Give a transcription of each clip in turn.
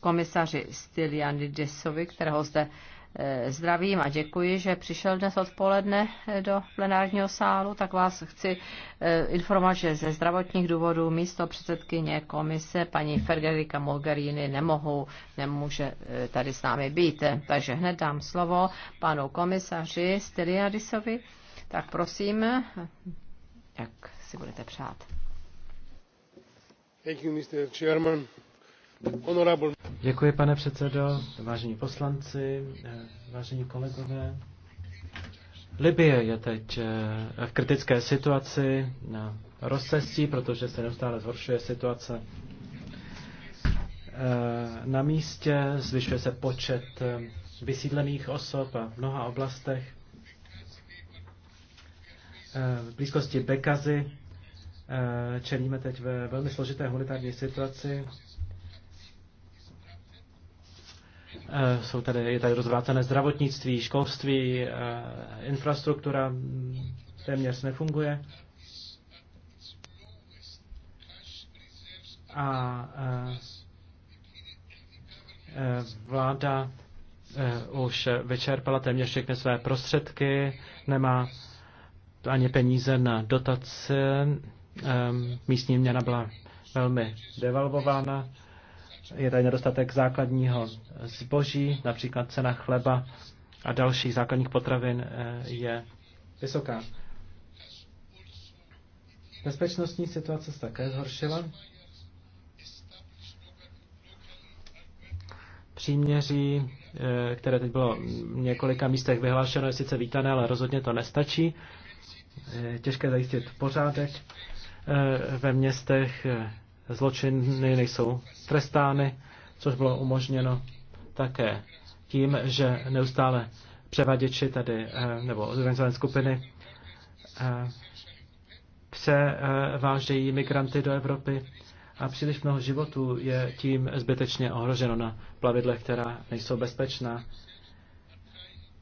komisaři Stylianidesovi, kterého zde e, zdravím a děkuji, že přišel dnes odpoledne e, do plenárního sálu, tak vás chci e, informovat, že ze zdravotních důvodů místo předsedkyně komise paní Fergerika Mogherini nemohou, nemůže tady s námi být. Takže hned dám slovo panu komisaři Stylianidesovi. Tak prosím, jak si budete přát. Thank you, Mr. Chairman. Děkuji, pane předsedo, vážení poslanci, eh, vážení kolegové. Libie je teď eh, v kritické situaci na rozcestí, protože se neustále zhoršuje situace eh, na místě, zvyšuje se počet vysídlených osob a v mnoha oblastech. V blízkosti Bekazy čelíme teď ve velmi složité humanitární situaci. Eh, jsou tady, je tady rozvrácené zdravotnictví, školství, eh, infrastruktura hm, téměř nefunguje. A eh, vláda už vyčerpala téměř všechny své prostředky, nemá ani peníze na dotace, ehm, místní měna byla velmi devalvována je tady nedostatek základního zboží, například cena chleba a dalších základních potravin eh, je vysoká. Bezpečnostní situace se také zhoršila. Příměří, eh, které teď bylo v několika místech vyhlášeno, je sice vítané, ale rozhodně to nestačí. Je eh, těžké zajistit pořádek ve městech zločiny nejsou trestány, což bylo umožněno také tím, že neustále převaděči tady, eh, nebo organizované skupiny eh, převážejí migranty do Evropy a příliš mnoho životů je tím zbytečně ohroženo na plavidlech, která nejsou bezpečná.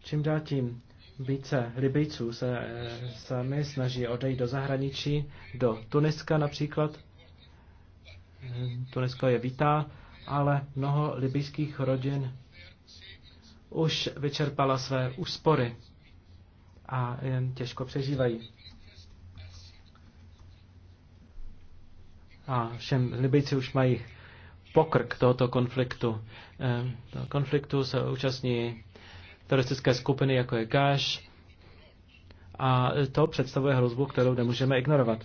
Čím dál tím více Libijců se eh, sami snaží odejít do zahraničí, do Tuniska například, Tunisko je vítá, ale mnoho libijských rodin už vyčerpala své úspory a jen těžko přežívají. A všem Libijci už mají pokrk tohoto konfliktu. Do ehm, konfliktu se účastní teroristické skupiny, jako je Gáš, a to představuje hrozbu, kterou nemůžeme ignorovat.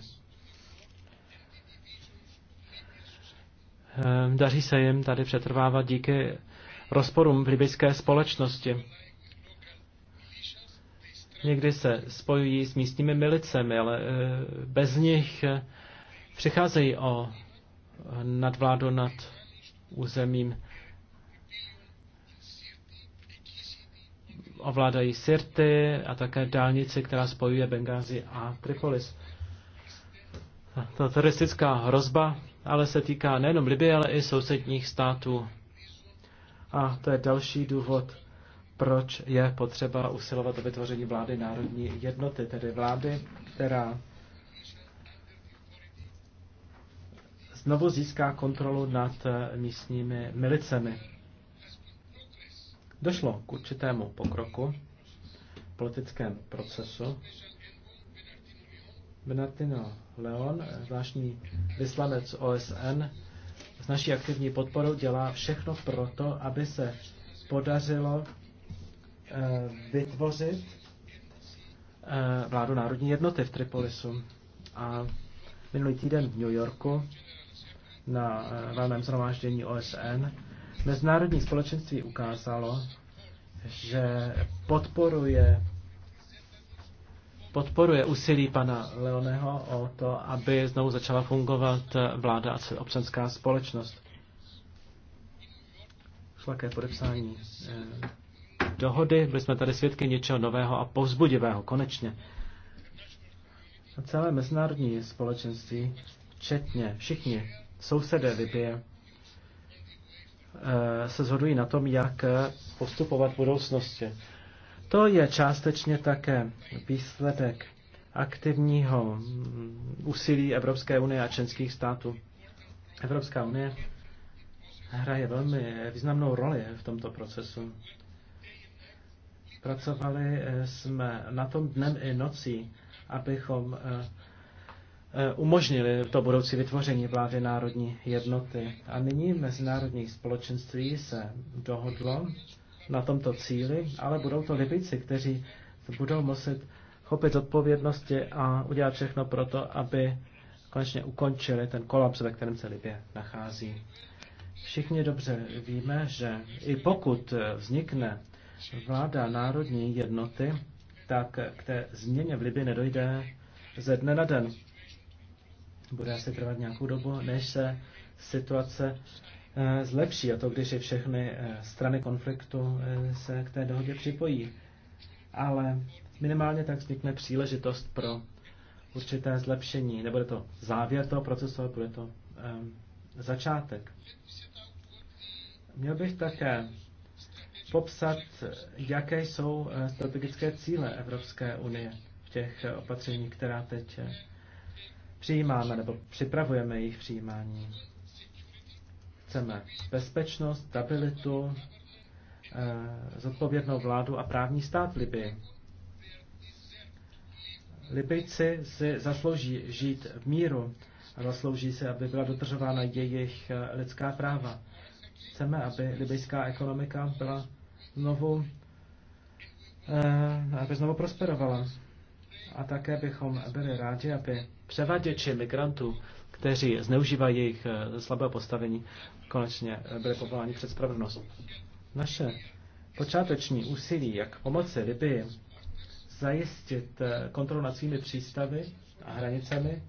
Ehm, daří se jim tady přetrvávat díky rozporům v libyské společnosti. Někdy se spojují s místními milicemi, ale eh, bez nich eh, přicházejí o nadvládu nad územím. Ovládají Sirty a také dálnici, která spojuje Bengázi a Tripolis. Ta teroristická hrozba ale se týká nejenom Libie, ale i sousedních států. A to je další důvod, proč je potřeba usilovat o vytvoření vlády národní jednoty, tedy vlády, která znovu získá kontrolu nad eh, místními milicemi. Došlo k určitému pokroku v politickém procesu, Bernardino Leon, zvláštní vyslanec OSN, s naší aktivní podporou dělá všechno proto, aby se podařilo eh, vytvořit eh, vládu národní jednoty v Tripolisu. A minulý týden v New Yorku na eh, valném zhromáždění OSN mezinárodní společenství ukázalo, že podporuje podporuje úsilí pana Leoneho o to, aby znovu začala fungovat vláda a občanská společnost. Šlaké ke podepsání eh, dohody. Byli jsme tady svědky něčeho nového a povzbudivého, konečně. A celé mezinárodní společenství, včetně všichni sousedé Libie, eh, se zhodují na tom, jak postupovat v budoucnosti. To je částečně také výsledek aktivního úsilí Evropské unie a členských států. Evropská unie hraje velmi významnou roli v tomto procesu. Pracovali eh, jsme na tom dnem i nocí, abychom eh, eh, umožnili to budoucí vytvoření vlády národní jednoty. A nyní mezinárodní společenství se dohodlo, na tomto cíli, ale budou to Libyjci, kteří budou muset chopit odpovědnosti a udělat všechno pro to, aby konečně ukončili ten kolaps, ve kterém se Libě nachází. Všichni dobře víme, že i pokud vznikne vláda národní jednoty, tak k té změně v Libii nedojde ze dne na den. Bude asi trvat nějakou dobu, než se situace Eh, zlepší, a to když i všechny eh, strany konfliktu eh, se k té dohodě připojí. Ale minimálně tak vznikne příležitost pro určité zlepšení. Nebude to závěr toho procesu, ale bude to začátek. Měl bych také popsat, jaké jsou strategické cíle Evropské unie v těch opatřeních, která teď přijímáme nebo připravujeme jejich přijímání. Chceme bezpečnost, stabilitu, eh, zodpovědnou vládu a právní stát v Libii. Libyjci si zaslouží žít v míru a zaslouží se, aby byla dodržována jejich eh, lidská práva. Chceme, aby libijská ekonomika byla znovu, eh, aby znovu prosperovala. A také bychom byli rádi, aby převaděči migrantů kteří zneužívají jejich eh, slabého postavení, konečně eh, byli povoláni před spravedlnost. Naše počáteční úsilí, jak pomoci Libii zajistit eh, kontrolu nad svými přístavy a hranicemi,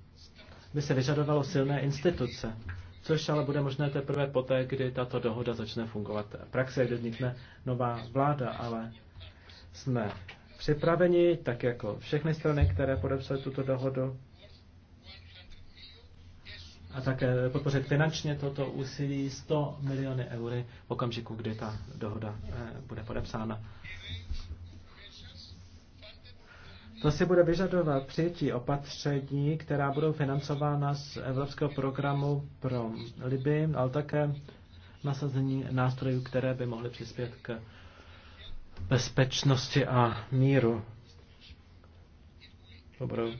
by se vyžadovalo silné instituce, což ale bude možné teprve poté, kdy tato dohoda začne fungovat. Praxi kdy vznikne nová vláda, ale jsme připraveni, tak jako všechny strany, které podepsaly tuto dohodu, a také podpořit finančně toto úsilí 100 miliony eury v okamžiku, kdy ta dohoda eh, bude podepsána. To si bude vyžadovat přijetí opatření, která budou financována z Evropského programu pro Liby, ale také nasazení nástrojů, které by mohly přispět k bezpečnosti a míru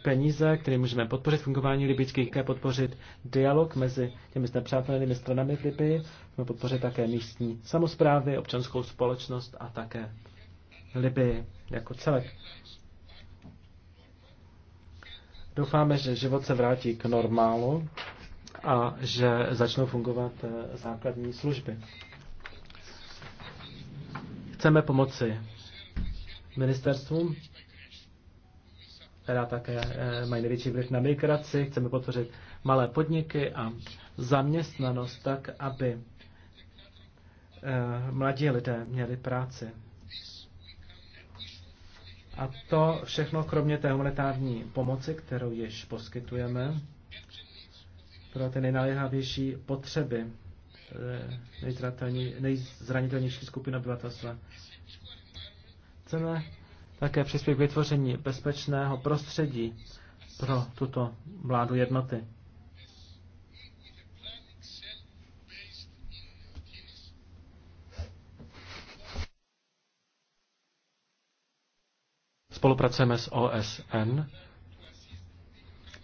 peníze, které můžeme podpořit fungování libických, podpořit dialog mezi těmi nepřátelnými stranami v Libii, můžeme podpořit také místní samozprávy, občanskou společnost a také Libii jako celek. Doufáme, že život se vrátí k normálu a že začnou fungovat eh, základní služby. Chceme pomoci ministerstvům která také eh, mají největší vliv na migraci. Chceme podpořit malé podniky a zaměstnanost tak, aby eh, mladí lidé měli práci. A to všechno kromě té humanitární pomoci, kterou již poskytujeme pro ty nejnaléhavější potřeby eh, nejzranitelnější skupiny obyvatelstva. Chceme také přispěje k vytvoření bezpečného prostředí pro tuto vládu jednoty. Spolupracujeme s OSN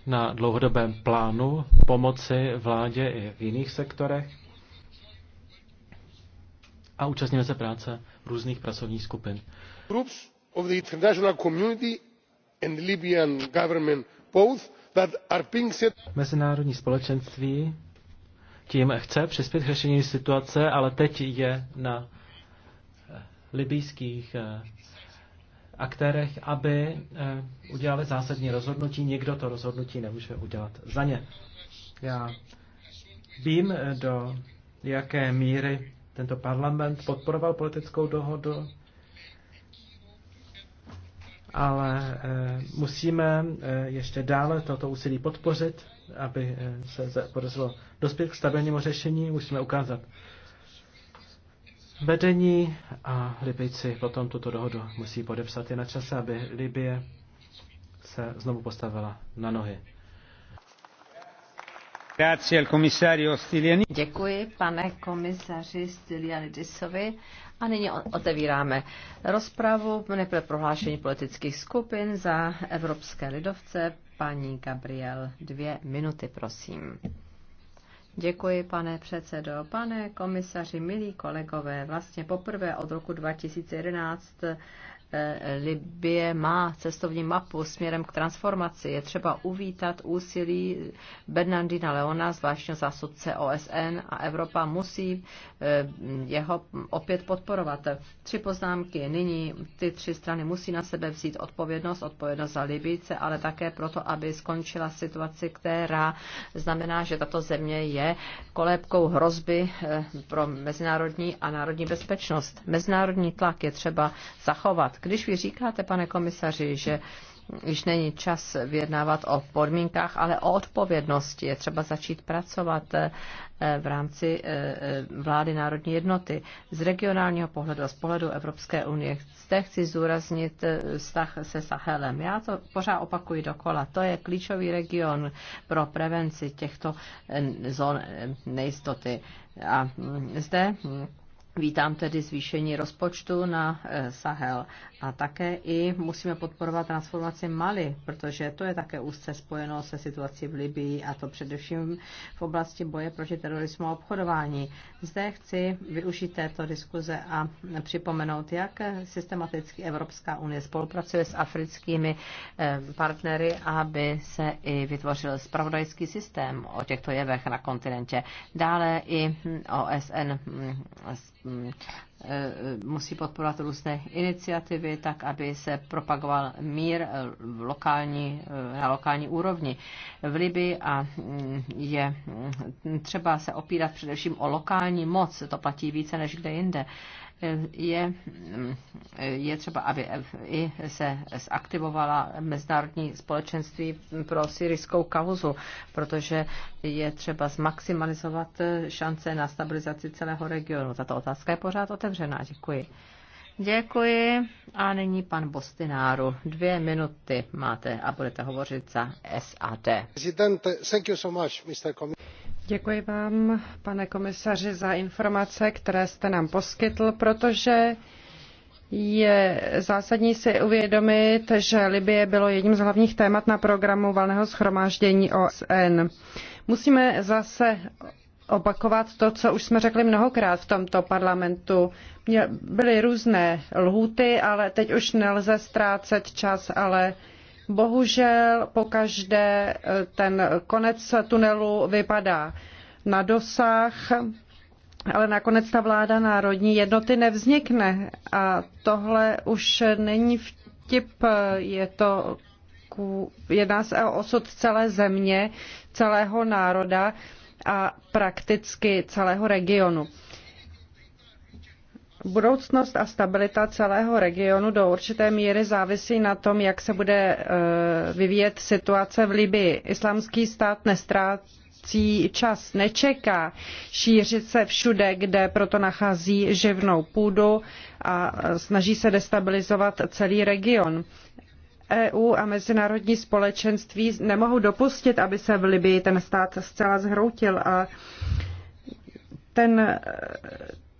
na dlouhodobém plánu pomoci vládě i v jiných sektorech a účastníme se práce různých pracovních skupin of the international community and libyan government both that are being set. Mezinárodní společenství tím chce přispět k řešení situace, ale teď je na eh, libýských eh, aktérech, aby eh, udělali zásadní rozhodnutí. Nikdo to rozhodnutí nemůže udělat za ně. Já vím, do jaké míry tento parlament podporoval politickou dohodu ale eh, musíme eh, ještě dále toto úsilí podpořit, aby eh, se podařilo dospět k stabilnímu řešení. Musíme ukázat vedení a Libyjci potom tuto dohodu musí podepsat. i na čase, aby Libie se znovu postavila na nohy. Děkuji, pane komisaři Stylianidisovi. A nyní otevíráme rozpravu, nejprve prohlášení politických skupin za Evropské lidovce. Paní Gabriel, dvě minuty, prosím. Děkuji, pane předsedo. Pane komisaři, milí kolegové, vlastně poprvé od roku 2011 Libie má cestovní mapu směrem k transformaci. Je třeba uvítat úsilí Bernardina Leona, zvláštního zásudce OSN a Evropa musí eh, jeho opět podporovat. Tři poznámky. Nyní ty tři strany musí na sebe vzít odpovědnost, odpovědnost za Libice, ale také proto, aby skončila situaci, která znamená, že tato země je kolébkou hrozby eh, pro mezinárodní a národní bezpečnost. Mezinárodní tlak je třeba zachovat když vy říkáte, pane komisaři, že již není čas vyjednávat o podmínkách, ale o odpovědnosti. Je třeba začít pracovat eh, v rámci eh, eh, vlády národní jednoty. Z regionálního pohledu a z pohledu Evropské unie zde chci zúraznit vztah se Sahelem. Já to pořád opakuji dokola. To je klíčový region pro prevenci těchto zón nejistoty. A hm, zde hm, Vítám tedy zvýšení rozpočtu na Sahel a také i musíme podporovat transformaci Mali, protože to je také úzce spojeno se situací v Libii a to především v oblasti boje proti terorismu a obchodování. Zde chci využít této diskuze a připomenout, jak systematicky Evropská unie spolupracuje s africkými eh, partnery, aby se i vytvořil spravodajský systém o těchto jevech na kontinentě. Dále i OSN mm, Eh, musí podporovat různé iniciativy, tak aby se propagoval mír v eh, lokální, eh, na lokální úrovni v Libii a mm, je mm, třeba se opírat především o lokální moc, to platí více než kde jinde je, je třeba, aby i se zaktivovala mezinárodní společenství pro syrijskou kauzu, protože je třeba zmaximalizovat šance na stabilizaci celého regionu. Tato otázka je pořád otevřená. Děkuji. Děkuji. A nyní pan Bostináru. Dvě minuty máte a budete hovořit za SAD. Prezident, thank you so much, Mr. Děkuji vám, pane komisaři, za informace, které jste nám poskytl, protože je zásadní si uvědomit, že Libye bylo jedním z hlavních témat na programu valného schromáždění OSN. Musíme zase opakovat to, co už jsme řekli mnohokrát v tomto parlamentu. Byly různé lhuty, ale teď už nelze ztrácet čas, ale Bohužel pokaždé eh, ten konec tunelu vypadá na dosah, ale nakonec ta vláda národní jednoty nevznikne. A tohle už není vtip, je to jedná se o osud celé země, celého národa a prakticky celého regionu. Budoucnost a stabilita celého regionu do určité míry závisí na tom, jak se bude eh, vyvíjet situace v Libii. Islámský stát nestrácí čas, nečeká šířit se všude, kde proto nachází živnou půdu a eh, snaží se destabilizovat celý region. EU a mezinárodní společenství nemohou dopustit, aby se v Libii ten stát zcela zhroutil a ten eh,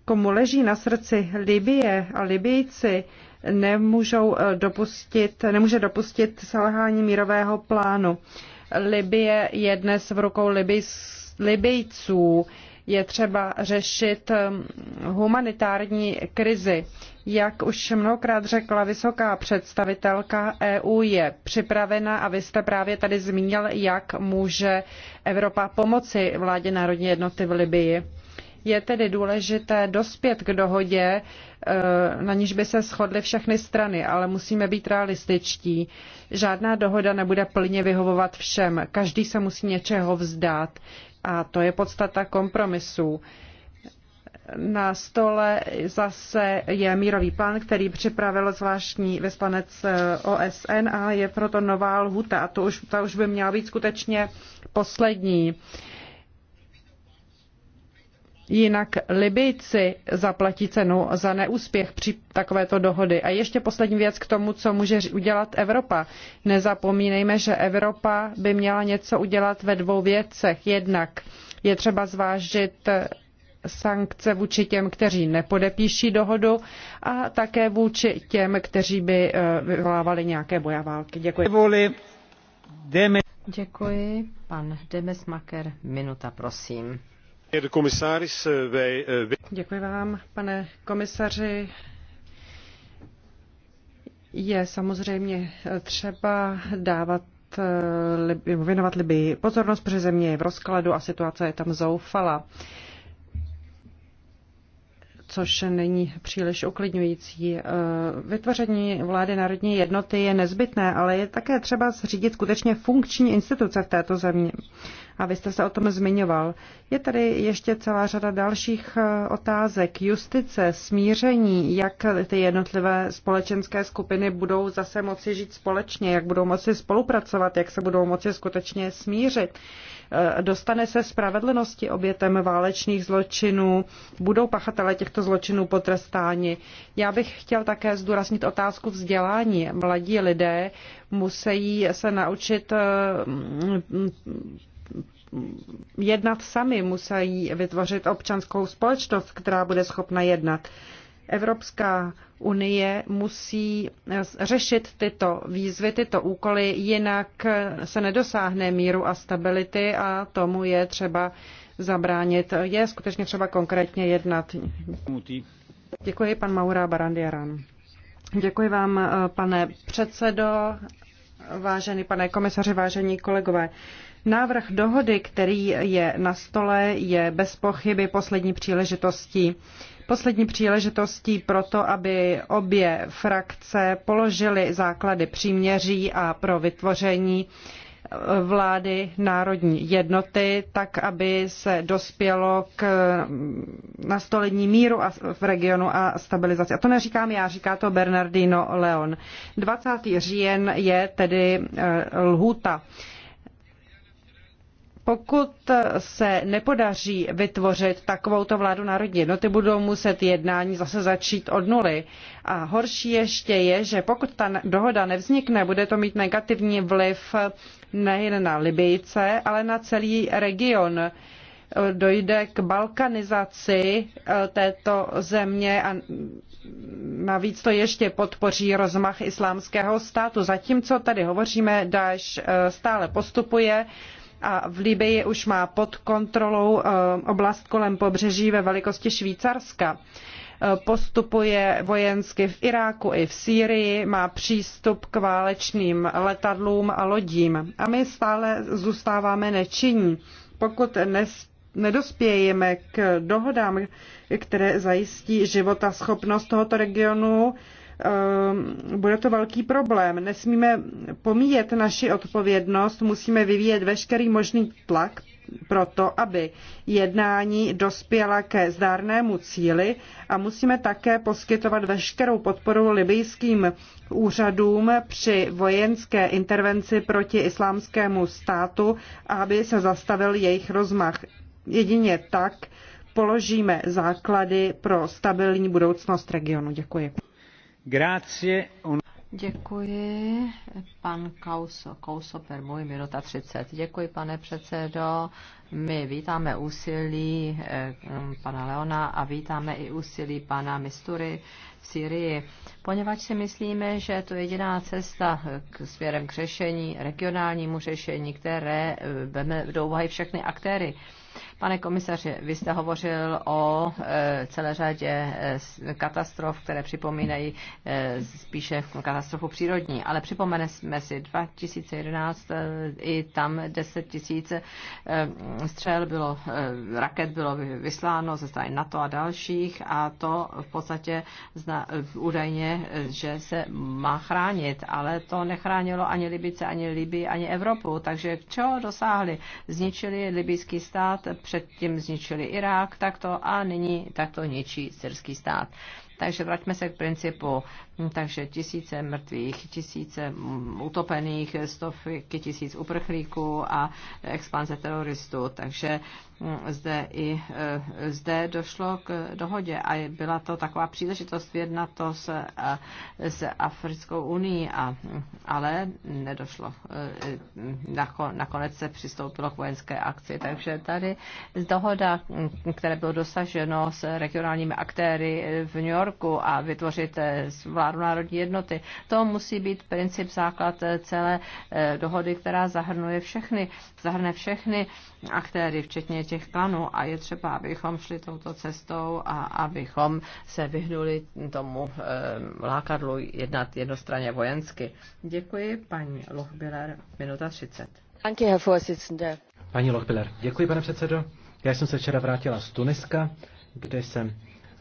komu leží na srdci Libie a Libijci, nemůžou eh, dopustit, nemůže dopustit selhání mírového plánu. Libie je dnes v rukou Libijců. Je třeba řešit ehm, humanitární krizi. Jak už mnohokrát řekla vysoká představitelka, EU je připravena a vy jste právě tady zmínil, jak může Evropa pomoci vládě národní jednoty v Libii. Je tedy důležité dospět k dohodě, eh, na níž by se shodly všechny strany, ale musíme být realističtí. Žádná dohoda nebude plně vyhovovat všem. Každý se musí něčeho vzdát. A to je podstata kompromisů. Na stole zase je mírový plán, který připravil zvláštní vyslanec eh, OSN a je proto nová lhuta. A to už, ta už by měla být skutečně poslední. Uh, Jinak Libyjci zaplatí cenu za neúspěch při takovéto dohody. A ještě poslední věc k tomu, co může udělat Evropa. Nezapomínejme, že Evropa by měla něco udělat ve dvou věcech. Jednak je třeba zvážit eh, sankce vůči těm, kteří nepodepíší dohodu a také vůči těm, kteří by eh, vyvolávali nějaké bojaválky. Děkuji. Děkuji. Pan Demesmaker, minuta, prosím. Eh, eh, Děkuji vám, pane komisaři. Je samozřejmě třeba dávat eh, věnovat libyi pozornost, protože země je v rozkladu a situace je tam zoufalá což není příliš uklidňující. Eh, vytvoření vlády národní jednoty je nezbytné, ale je také třeba zřídit skutečně funkční instituce v této zemi. A vy jste se o tom zmiňoval. Je tady ještě celá řada dalších eh, otázek. Justice, smíření, jak ty jednotlivé společenské skupiny budou zase moci žít společně, jak budou moci spolupracovat, jak se budou moci skutečně smířit. Eh, dostane se spravedlnosti obětem válečných zločinů? Budou pachatele těchto zločinů potrestáni? Já bych chtěl také zdůraznit otázku vzdělání. Mladí lidé musí se naučit eh, jednat sami, musí vytvořit občanskou společnost, která bude schopna jednat. Evropská unie musí eh, řešit tyto výzvy, tyto úkoly, jinak eh, se nedosáhne míru a stability a tomu je třeba zabránit. Je skutečně třeba konkrétně jednat. Děkuji, pan Maura Barandiaran. Děkuji vám, eh, pane předsedo, vážený pane komisaři, vážení kolegové. Návrh dohody, který je na stole, je bez pochyby poslední příležitostí poslední příležitostí pro to, aby obě frakce položily základy příměří a pro vytvoření eh, vlády národní jednoty, tak aby se dospělo k mm, nastolení míru v regionu a stabilizaci. A to neříkám já, říká to Bernardino Leon. 20. říjen je tedy eh, lhůta pokud se nepodaří vytvořit takovouto vládu národní jednoty, budou muset jednání zase začít od nuly. A horší ještě je, že pokud ta dohoda nevznikne, bude to mít negativní vliv nejen na Libyjce, ale na celý region. Dojde k balkanizaci eh, této země a navíc to ještě podpoří rozmach islámského státu. Zatímco tady hovoříme, Daesh eh, stále postupuje, a v Libii už má pod kontrolou eh, oblast kolem pobřeží ve velikosti Švýcarska. Eh, postupuje vojensky v Iráku i v Sýrii, má přístup k válečným letadlům a lodím. A my stále zůstáváme nečinní. Pokud nes nedospějeme k dohodám, které zajistí životaschopnost tohoto regionu, Ehm, bude to velký problém. Nesmíme pomíjet naši odpovědnost, musíme vyvíjet veškerý možný tlak to, aby jednání dospěla ke zdárnému cíli a musíme také poskytovat veškerou podporu libijským úřadům při vojenské intervenci proti islámskému státu, aby se zastavil jejich rozmach. Jedině tak položíme základy pro stabilní budoucnost regionu. Děkuji. Grazie. On... Děkuji. Pan Kauso, Kauso per můj minuta 30. Děkuji, pane předsedo. My vítáme úsilí eh, pana Leona a vítáme i úsilí pana Mistury v Syrii, poněvadž si myslíme, že to je jediná cesta k směrem k řešení, regionálnímu řešení, které veme do úvahy všechny aktéry. Pane komisaři, vy jste hovořil o eh, celé řadě eh, katastrof, které připomínají eh, spíše katastrofu přírodní, ale připomeneme si 2011 i tam 10 tisíc střel bylo, raket bylo vysláno ze strany NATO a dalších a to v podstatě znamená zna, údajně, že se má chránit, ale to nechránilo ani Libice, ani Libii, ani Evropu. Takže čeho dosáhli? Zničili libijský stát, předtím zničili Irák takto a nyní takto ničí syrský stát. Takže vraťme se k principu. Hm, takže tisíce mrtvých, tisíce utopených, stovky tisíc uprchlíků a expanze teroristů. Takže hm, zde i eh, zde došlo k dohodě a byla to taková příležitost vědna to se, se Africkou unii, a, hm, ale nedošlo. Eh, nakonec se přistoupilo k vojenské akci, takže tady dohoda, které bylo dosaženo s regionálními aktéry eh, v New Yorku, Yorku a vytvořit eh, vládu národní jednoty. To musí být princip základ eh, celé eh, dohody, která zahrnuje všechny, zahrne všechny aktéry, včetně těch klanů a je třeba, abychom šli touto cestou a abychom se vyhnuli tomu lákadlu jednat jednostranně vojensky. Děkuji, paní Lochbiller, minuta 30. Paní Lochbiller, děkuji, pane předsedo. Já jsem se včera vrátila z Tuniska, kde jsem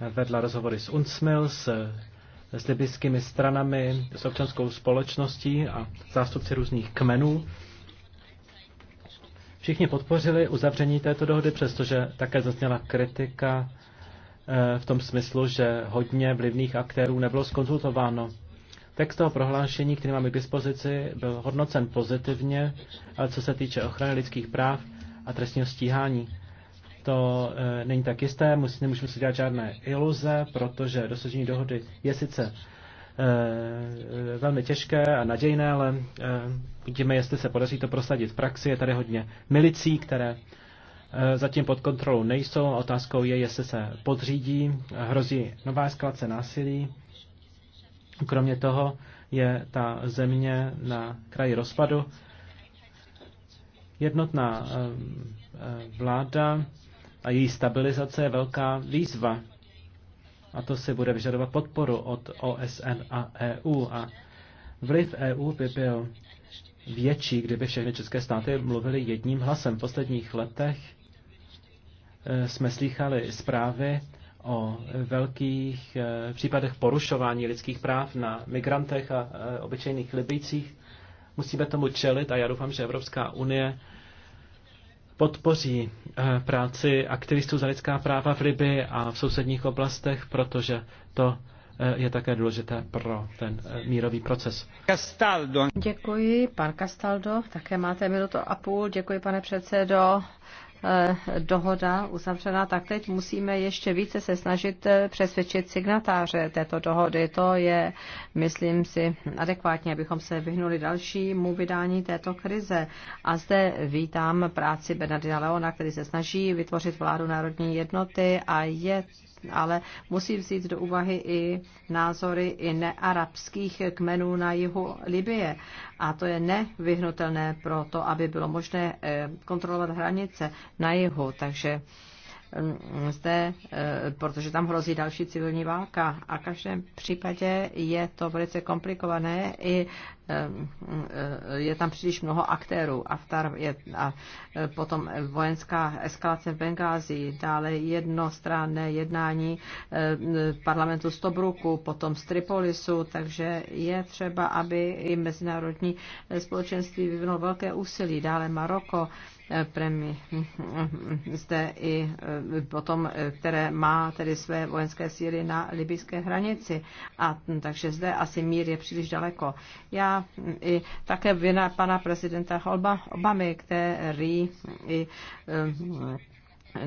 vedla rozhovory s UNSMIL, s, s libyskými stranami, s občanskou společností a zástupci různých kmenů. Všichni podpořili uzavření této dohody, přestože také zazněla kritika eh, v tom smyslu, že hodně vlivných aktérů nebylo skonzultováno. Text toho prohlášení, který máme k dispozici, byl hodnocen pozitivně, ale co se týče ochrany lidských práv a trestního stíhání to e, není tak jisté, musí, nemůžeme si dělat žádné iluze, protože dosažení dohody je sice e, e velmi těžké a nadějné, ale e, vidíme, jestli se podaří to prosadit v praxi. Je tady hodně milicí, které e, zatím pod kontrolou nejsou. Otázkou je, jestli se podřídí, hrozí nová eskalace násilí. Kromě toho je ta země na kraji rozpadu. Jednotná e, e vláda a její stabilizace je velká výzva. A to si bude vyžadovat podporu od OSN a EU. A vliv EU by byl větší, kdyby všechny české státy mluvily jedním hlasem. V posledních letech eh, jsme slychali zprávy o velkých eh, případech porušování lidských práv na migrantech a eh, obyčejných libících. Musíme tomu čelit a já doufám, že Evropská unie podpoří eh, práci aktivistů za lidská práva v Libii a v sousedních oblastech, protože to eh, je také důležité pro ten eh, mírový proces. Castaldo. Děkuji, pan Castaldo. Také máte minutu a půl. Děkuji, pane předsedo. Eh, dohoda uzavřena, tak teď musíme ještě více se snažit eh, přesvědčit signatáře této dohody. To je, myslím si, adekvátně, abychom se vyhnuli dalšímu vydání této krize. A zde vítám práci Bernardina Leona, který se snaží vytvořit vládu národní jednoty a je ale musí vzít do úvahy i názory i nearabských kmenů na jihu Libie. A to je nevyhnutelné pro to, aby bylo možné eh, kontrolovat hranice na jihu. Takže mm, zde, eh, protože tam hrozí další civilní válka a v každém případě je to velice komplikované i Eh, eh, je tam příliš mnoho aktérů. Aftar je, a eh, potom vojenská eskalace v Bengázi, dále jednostranné jednání parlamentu z Tobruku, potom z Tripolisu, takže je třeba, aby i mezinárodní společenství vyvinulo velké úsilí. Dále Maroko, premi, hm, hm, zde i potom, které má tedy své vojenské síly na libyské hranici. A hm, takže zde asi mír je příliš daleko. Já i také vina pana prezidenta Obamy, který i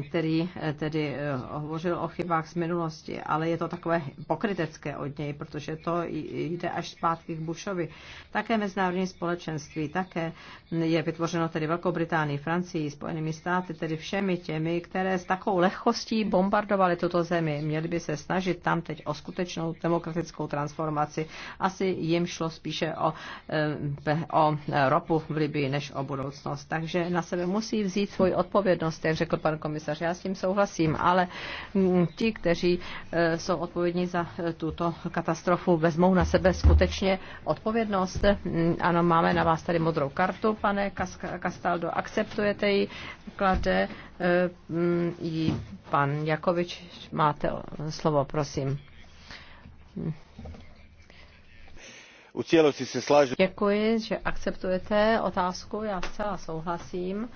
který eh, tedy eh, hovořil o chybách z minulosti, ale je to takové pokrytecké od něj, protože to jde až zpátky k Bushovi. Také mezinárodní společenství, také je vytvořeno tedy Velkou Británii, Francii, Spojenými státy, tedy všemi těmi, které s takovou lehkostí bombardovali tuto zemi. Měli by se snažit tam teď o skutečnou demokratickou transformaci. Asi jim šlo spíše o, eh, o ropu v Libii než o budoucnost. Takže na sebe musí vzít svoji odpovědnost, jak řekl pan komisař komisař, já s tím souhlasím, ale mm, ti, kteří e, jsou odpovědní za e, tuto katastrofu, vezmou na sebe skutečně odpovědnost. Mm, ano, máme na vás tady modrou kartu, pane Castaldo, akceptujete ji, klade e, mm, ji pan Jakovič, máte slovo, prosím. U cijelosti se slažem. Děkuji, že akceptujete otázku, já zcela souhlasím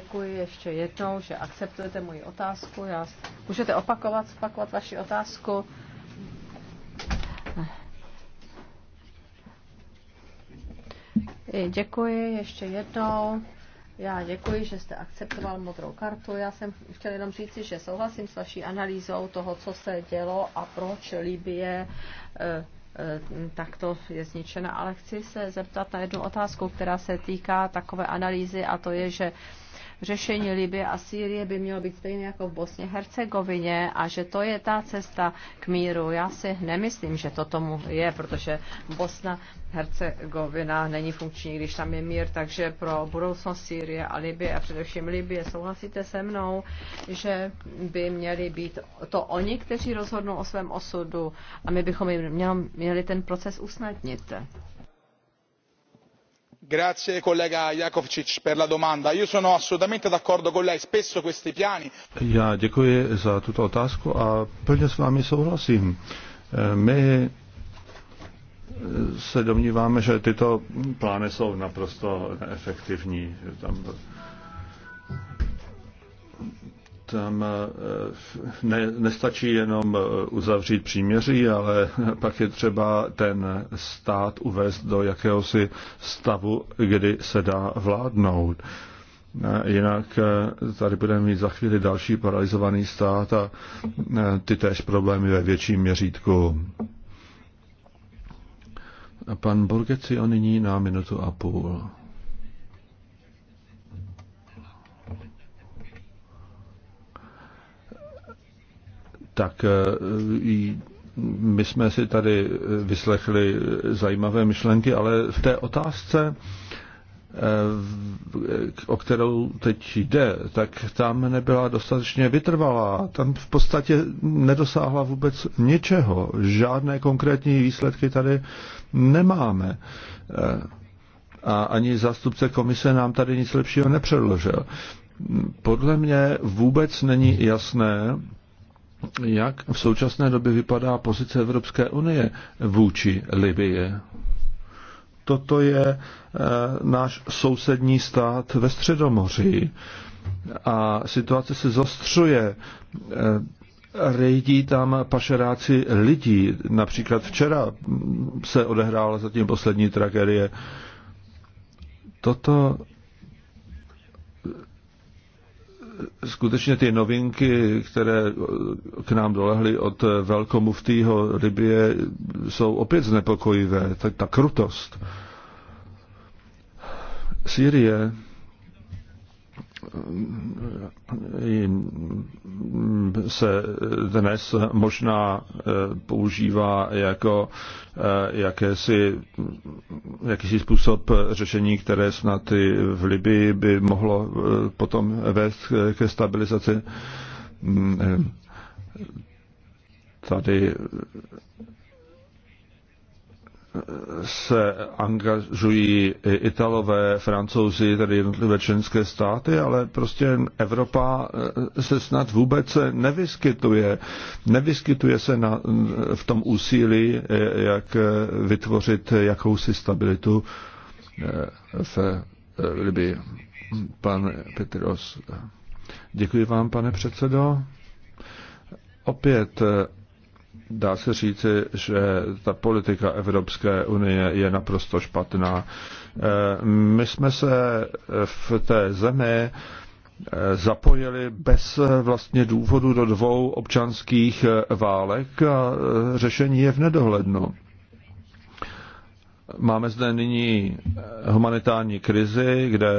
děkuji ještě jednou, že akceptujete moji otázku. Já, můžete opakovat, opakovat vaši otázku. Děkuji ještě jednou. Já děkuji, že jste akceptoval modrou kartu. Já jsem chtěl jenom říci, že souhlasím s vaší analýzou toho, co se dělo a proč Libie eh, eh, takto je zničena. Ale chci se zeptat na jednu otázku, která se týká takové analýzy a to je, že řešení Libie a Sýrie by mělo být stejné jako v Bosně Hercegovině a že to je ta cesta k míru. Já si nemyslím, že to tomu je, protože Bosna Hercegovina není funkční, když tam je mír, takže pro budoucnost Sýrie a Libie a především Libie souhlasíte se mnou, že by měli být to oni, kteří rozhodnou o svém osudu a my bychom jim měli ten proces usnadnit grazie collega jakovi per la domanda io sono assolutamente d'accordo con lei spesso questi piani. já děkuji za tuto otázku a plně s vámi souhlasím. Eh, my eh, se domníváme že tyto plány jsou naprosto neefektivní. Tam tam eh, ne, nestačí jenom eh, uzavřít příměří, ale pak je třeba ten stát uvést do jakéhosi stavu, kdy se dá vládnout. Eh, jinak tady budeme mít za chvíli další paralizovaný stát a ty též problémy ve větším měřítku. Pan Borgeci on nyní na minutu a půl. tak eh, my jsme si tady vyslechli zajímavé myšlenky, ale v té otázce, eh, o kterou teď jde, tak tam nebyla dostatečně vytrvalá. Tam v podstatě nedosáhla vůbec ničeho. Žádné konkrétní výsledky tady nemáme. Eh, a ani zástupce komise nám tady nic lepšího nepředložil. Podle mě vůbec není jasné, jak v současné době vypadá pozice Evropské unie vůči Libii. Toto je e, náš sousední stát ve Středomoří a situace se zostřuje. E, eh, Rejdí tam pašeráci lidí. Například včera se odehrála zatím poslední tragédie. Toto skutečně ty novinky, které k nám dolehly od velkomuftýho Libie, jsou opět znepokojivé. Ta, ta krutost. Sýrie se dnes možná eh, používá jako eh, jakési, jakýsi způsob řešení, které snad i v Libii by mohlo eh, potom vést ke stabilizaci. Hmm, tady se angažují Italové, Francouzi, tedy jednotlivé členské státy, ale prostě Evropa eh, se snad vůbec nevyskytuje. Nevyskytuje se na, v tom úsilí, eh, jak vytvořit jakousi stabilitu eh, v Libii. Pan Petros. Děkuji vám, pane předsedo. Opět dá se říci, že ta politika Evropské unie je naprosto špatná. Eh, my jsme se v té zemi eh, zapojili bez eh, vlastně důvodu do dvou občanských válek a řešení je v nedohlednu. Máme zde nyní humanitární krizi, kde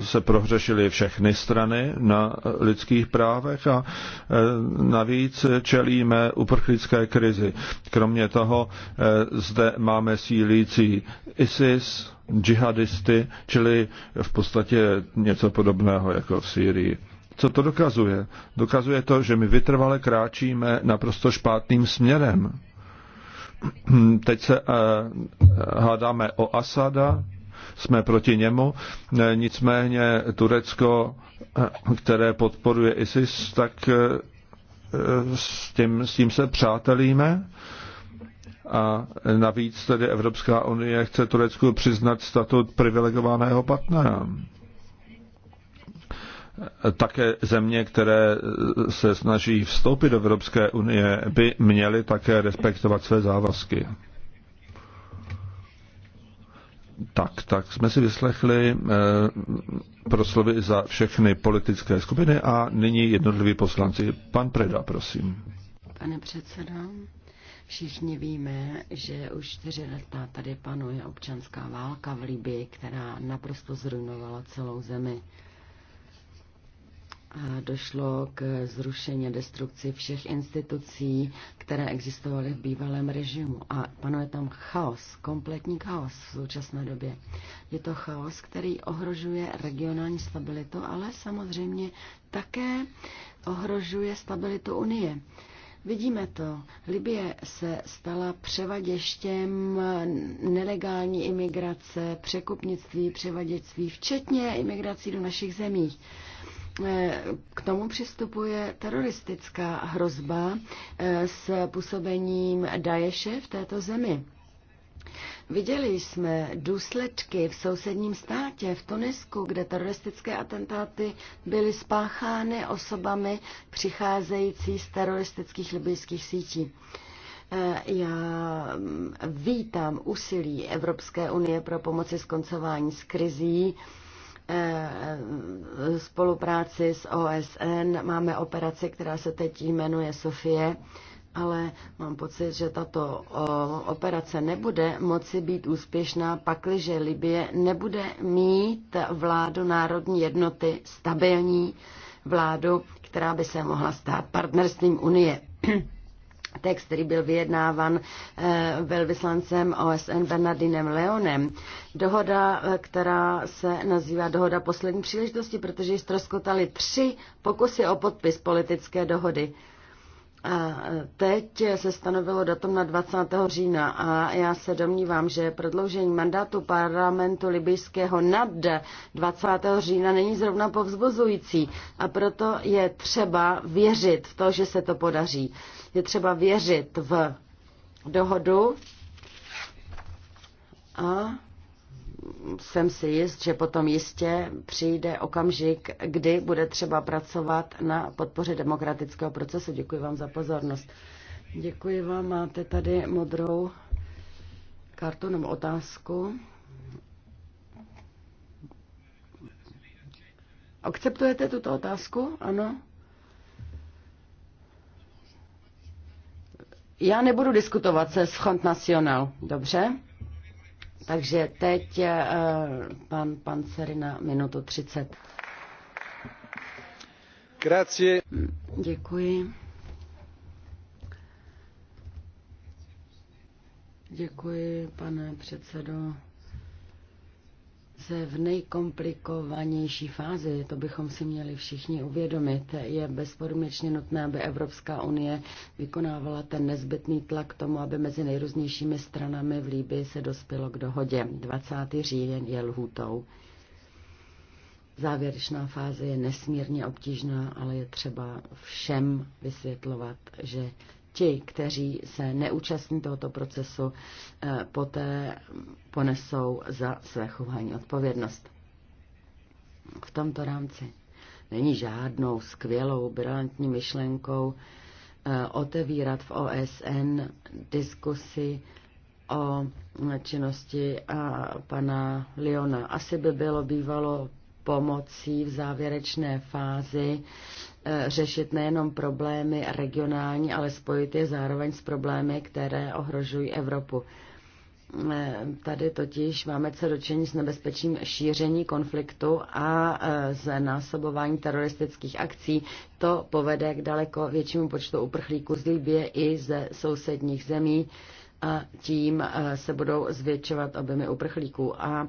se prohřešily všechny strany na lidských právech a e, navíc čelíme uprchlické krizi. Kromě toho e, zde máme sílící ISIS, džihadisty, čili v podstatě něco podobného jako v Sýrii. Co to dokazuje? Dokazuje to, že my vytrvale kráčíme naprosto špátným směrem. Teď se e, hádáme o Asada, jsme proti němu. E, nicméně Turecko, e, které podporuje ISIS, tak e, s tím, s tím se přátelíme. A navíc tedy Evropská unie chce Turecku přiznat statut privilegovaného partnera. Také země, které se snaží vstoupit do Evropské unie, by měly také respektovat své závazky. Tak, tak jsme si vyslechli eh, proslovy za všechny politické skupiny a nyní jednotliví poslanci. Pan Preda, prosím. Pane předsedo, všichni víme, že už čtyři leta tady panuje občanská válka v Libii, která naprosto zrujnovala celou zemi došlo k zrušení destrukci všech institucí, které existovaly v bývalém režimu. A panuje tam chaos, kompletní chaos v současné době. Je to chaos, který ohrožuje regionální stabilitu, ale samozřejmě také ohrožuje stabilitu Unie. Vidíme to. Libie se stala převaděštěm nelegální imigrace, překupnictví, převaděctví, včetně imigrací do našich zemí. Eh, k tomu přistupuje teroristická hrozba eh, s působením Daješe v této zemi. Viděli jsme důsledky v sousedním státě, v Tunisku, kde teroristické atentáty byly spáchány osobami přicházející z teroristických libijských sítí. Eh, já mm, vítám úsilí Evropské unie pro pomoci skoncování s krizí, Eh, spolupráci s OSN. Máme operaci, která se teď jmenuje Sofie, ale mám pocit, že tato eh, operace nebude moci být úspěšná, pakliže Libie nebude mít vládu národní jednoty stabilní vládu, která by se mohla stát partnerstvím Unie text, který byl vyjednávan eh, velvyslancem OSN Bernardinem Leonem. Dohoda, eh, která se nazývá dohoda poslední příležitosti, protože již ztroskotaly tři pokusy o podpis politické dohody. A teď se stanovilo datum na 20. října a já se domnívám, že prodloužení mandátu parlamentu libyjského nad 20. října není zrovna povzbuzující a proto je třeba věřit v to, že se to podaří. Je třeba věřit v dohodu a jsem si jist, že potom jistě přijde okamžik, kdy bude třeba pracovat na podpoře demokratického procesu. Děkuji vám za pozornost. Děkuji vám. Máte tady modrou kartu nebo otázku. Akceptujete tuto otázku? Ano? Já nebudu diskutovat se s Front National, dobře? Takže teď eh, pan pan na minutu 30. Grazie. Děkuji. Děkuji, pane předsedo se v nejkomplikovanější fázi, to bychom si měli všichni uvědomit, je bezpodmínečně nutné, aby Evropská unie vykonávala ten nezbytný tlak k tomu, aby mezi nejrůznějšími stranami v Líbě se dospělo k dohodě. 20. říjen je lhůtou. Závěrečná fáze je nesmírně obtížná, ale je třeba všem vysvětlovat, že ti, kteří se neúčastní tohoto procesu, eh, poté ponesou za své chování odpovědnost. V tomto rámci není žádnou skvělou, brilantní myšlenkou eh, otevírat v OSN diskusy o činnosti a eh, pana Leona. Asi by bylo bývalo pomocí v závěrečné fázi Eh, řešit nejenom problémy regionální, ale spojit je zároveň s problémy, které ohrožují Evropu. Eh, tady totiž máme co dočení s nebezpečím šíření konfliktu a z eh, násobování teroristických akcí. To povede k daleko většímu počtu uprchlíků z Libie i ze sousedních zemí a tím se budou zvětšovat objemy uprchlíků. A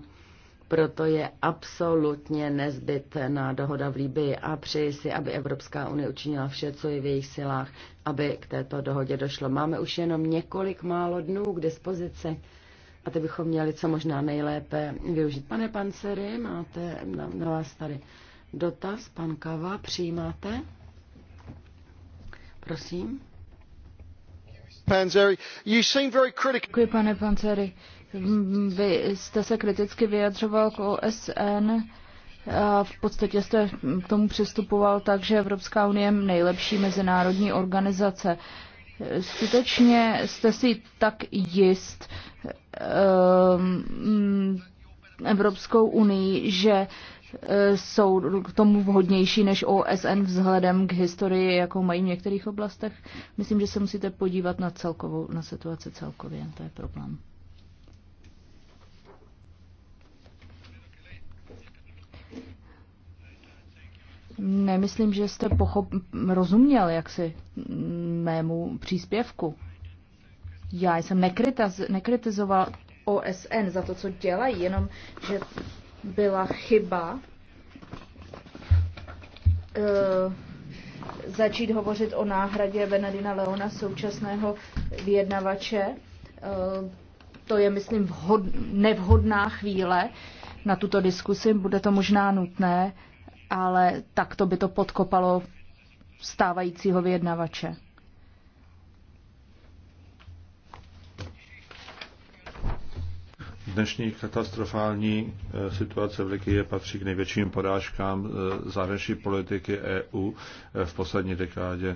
proto je absolutně nezbytná dohoda v Líbii a přeji si, aby Evropská unie učinila vše, co je v jejich silách, aby k této dohodě došlo. Máme už jenom několik málo dnů k dispozici a ty bychom měli co možná nejlépe využít. Pane Pancery, máte na, na vás tady dotaz. Pan Kava, přijímáte? Prosím. Panzeri, you seem very critical. Děkuji, pane Pancery. Vy jste se kriticky vyjadřoval k OSN. A v podstatě jste k tomu přistupoval tak, že Evropská unie je nejlepší mezinárodní organizace. Skutečně jste si tak jist ehm, Evropskou unii, že e, jsou k tomu vhodnější než OSN vzhledem k historii, jakou mají v některých oblastech. Myslím, že se musíte podívat na, celkovou, na situaci celkově. To je problém. Nemyslím, že jste pochop, rozuměl jaksi mému příspěvku. Já jsem nekritiz, nekritizoval OSN za to, co dělají, jenom, že byla chyba e, začít hovořit o náhradě Benadina Leona, současného vyjednavače. E, to je, myslím, vhod, nevhodná chvíle na tuto diskusi. Bude to možná nutné ale takto by to podkopalo stávajícího vyjednavače. Dnešní katastrofální eh, situace v Likie patří k největším porážkám eh, zahraniční politiky EU eh, v poslední dekádě.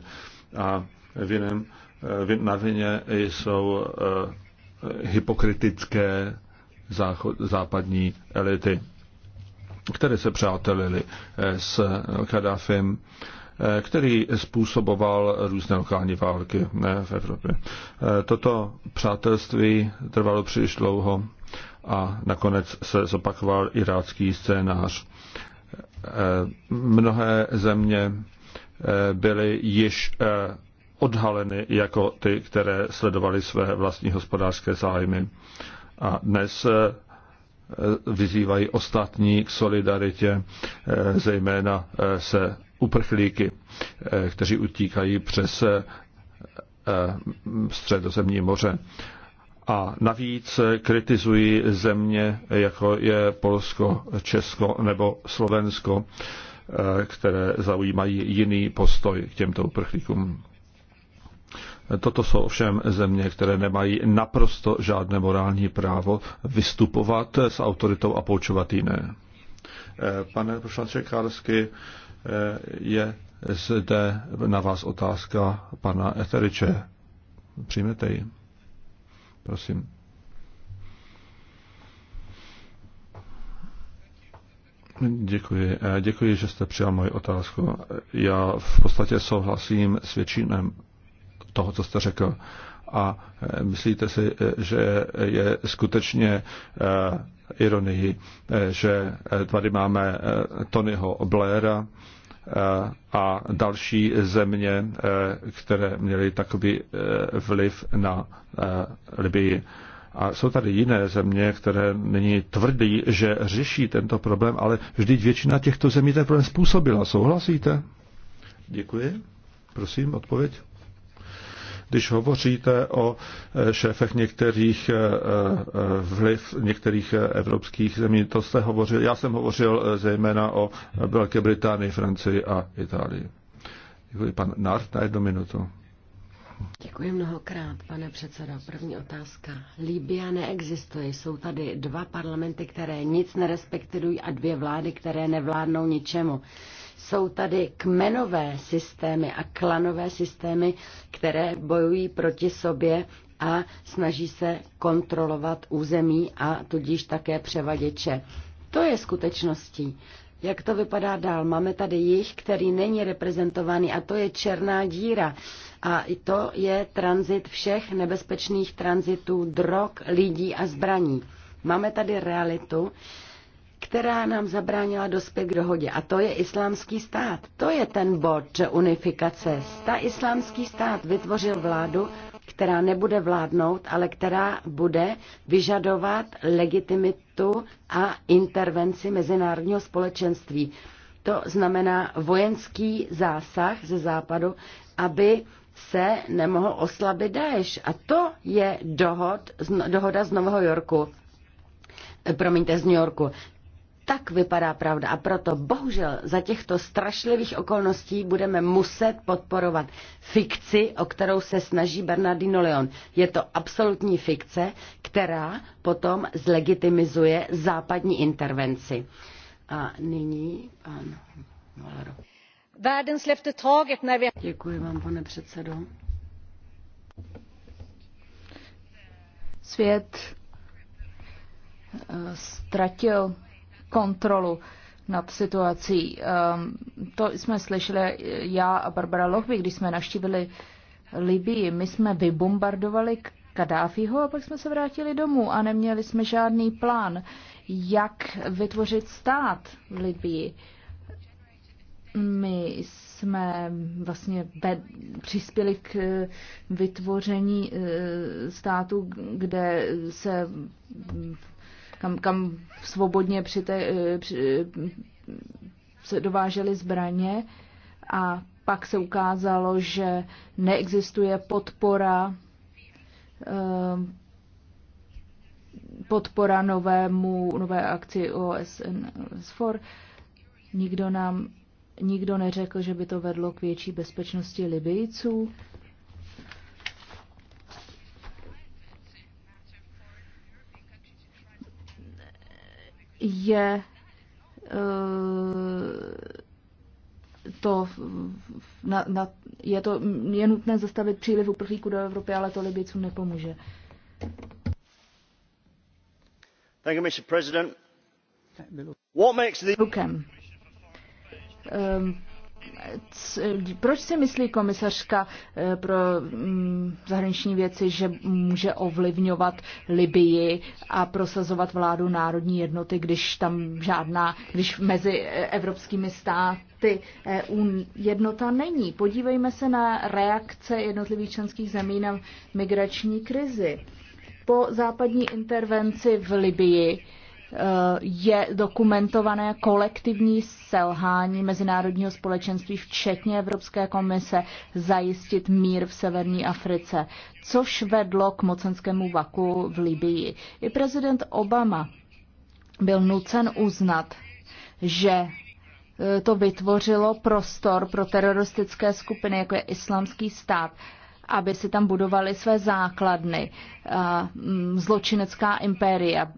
A vinem, na vině jsou hypokritické západní elity které se přátelili eh, s Kadáfem, eh, který způsoboval různé lokální války eh, v Evropě. Toto přátelství trvalo příliš dlouho a nakonec se zopakoval irácký scénář. Mnohé země byly již odhaleny jako ty, které sledovaly své vlastní hospodářské zájmy. A dnes Eh, vyzývají ostatní k solidaritě, eh, zejména eh, se uprchlíky, kteří utíkají přes středozemní moře. A navíc kritizují země, jako je Polsko, Česko nebo Slovensko, které zaujímají jiný postoj k těmto uprchlíkům. Toto jsou ovšem země, které nemají naprosto žádné morální právo vystupovat s autoritou a poučovat jiné. Pane poslanče Karsky, je zde na vás otázka pana Eteriče. Přijmete ji. Prosím. Děkuji. Děkuji, že jste přijal moji otázku. Já v podstatě souhlasím s většinem, toho, co jste řekl. A e, myslíte si, e, že je skutečně e, ironii, že tady máme Tonyho Blaira a další země, které měly takový vliv na Libii. A jsou tady jiné země, které není tvrdí, že řeší tento problém, ale vždyť většina těchto zemí ten problém způsobila. Souhlasíte? Děkuji. Prosím, odpověď. Když hovoříte o eh, šéfech některých eh, eh, vliv některých evropských zemí, to jste hovořil, já jsem hovořil zejména o Velké Británii, Francii a Itálii. Děkuji, pan Nart, na jednu minutu. Děkuji mnohokrát, pane předsedo. První otázka. Líbia neexistuje. Jsou tady dva parlamenty, které nic nerespektují a dvě vlády, které nevládnou ničemu. Jsou tady kmenové systémy a klanové systémy, které bojují proti sobě a snaží se kontrolovat území a tudíž také převaděče. To je skutečností. Jak to vypadá dál? Máme tady jich, který není reprezentovaný a to je černá díra. A to je tranzit všech nebezpečných tranzitů drog, lidí a zbraní. Máme tady realitu, která nám zabránila dospět k dohodě. A to je islámský stát. To je ten bod unifikace. Ta islámský stát vytvořil vládu, která nebude vládnout, ale která bude vyžadovat legitimitu a intervenci mezinárodního společenství. To znamená vojenský zásah ze západu, aby se nemohl oslabit Daesh. A to je dohod, no, dohoda z Nového Jorku promiňte, z New Yorku tak vypadá pravda. A proto bohužel za těchto strašlivých okolností budeme muset podporovat fikci, o kterou se snaží Bernardino Leon. Je to absolutní fikce, která potom zlegitimizuje západní intervenci. A nyní pan Valero. Děkuji vám, pane předsedo. Svět eh, ztratil kontrolu nad situací. Ehm, to jsme slyšeli já a Barbara Lohby, když jsme naštívili Libii. My jsme vybombardovali Kadáfiho a pak jsme se vrátili domů a neměli jsme žádný plán, jak vytvořit stát v Libii. My jsme vlastně přispěli k eh, vytvoření eh, státu, kde se kam, kam svobodně té, eh, při, eh, se dovážely zbraně a pak se ukázalo, že neexistuje podpora eh, podpora novému, nové akci OSN SFOR. Nikdo nám nikdo neřekl, že by to vedlo k větší bezpečnosti Libyjců. je eh, to, na, na, je to je nutné zastavit příliv uprchlíků do Evropy, ale to Libicům nepomůže. Thank you, Mr. President. What makes the... Um, proč si myslí komisařka eh, pro mm, zahraniční věci, že může ovlivňovat Libii a prosazovat vládu národní jednoty, když tam žádná, když mezi eh, evropskými státy EU eh, jednota není? Podívejme se na reakce jednotlivých členských zemí na migrační krizi. Po západní intervenci v Libii Eh, je dokumentované kolektivní selhání mezinárodního společenství, včetně Evropské komise, zajistit mír v severní Africe, což vedlo k mocenskému vaku v Libii. I prezident Obama byl nucen uznat, že eh, to vytvořilo prostor pro teroristické skupiny, jako je islamský stát, aby si tam budovali své základny, eh, mm, zločinecká impéria,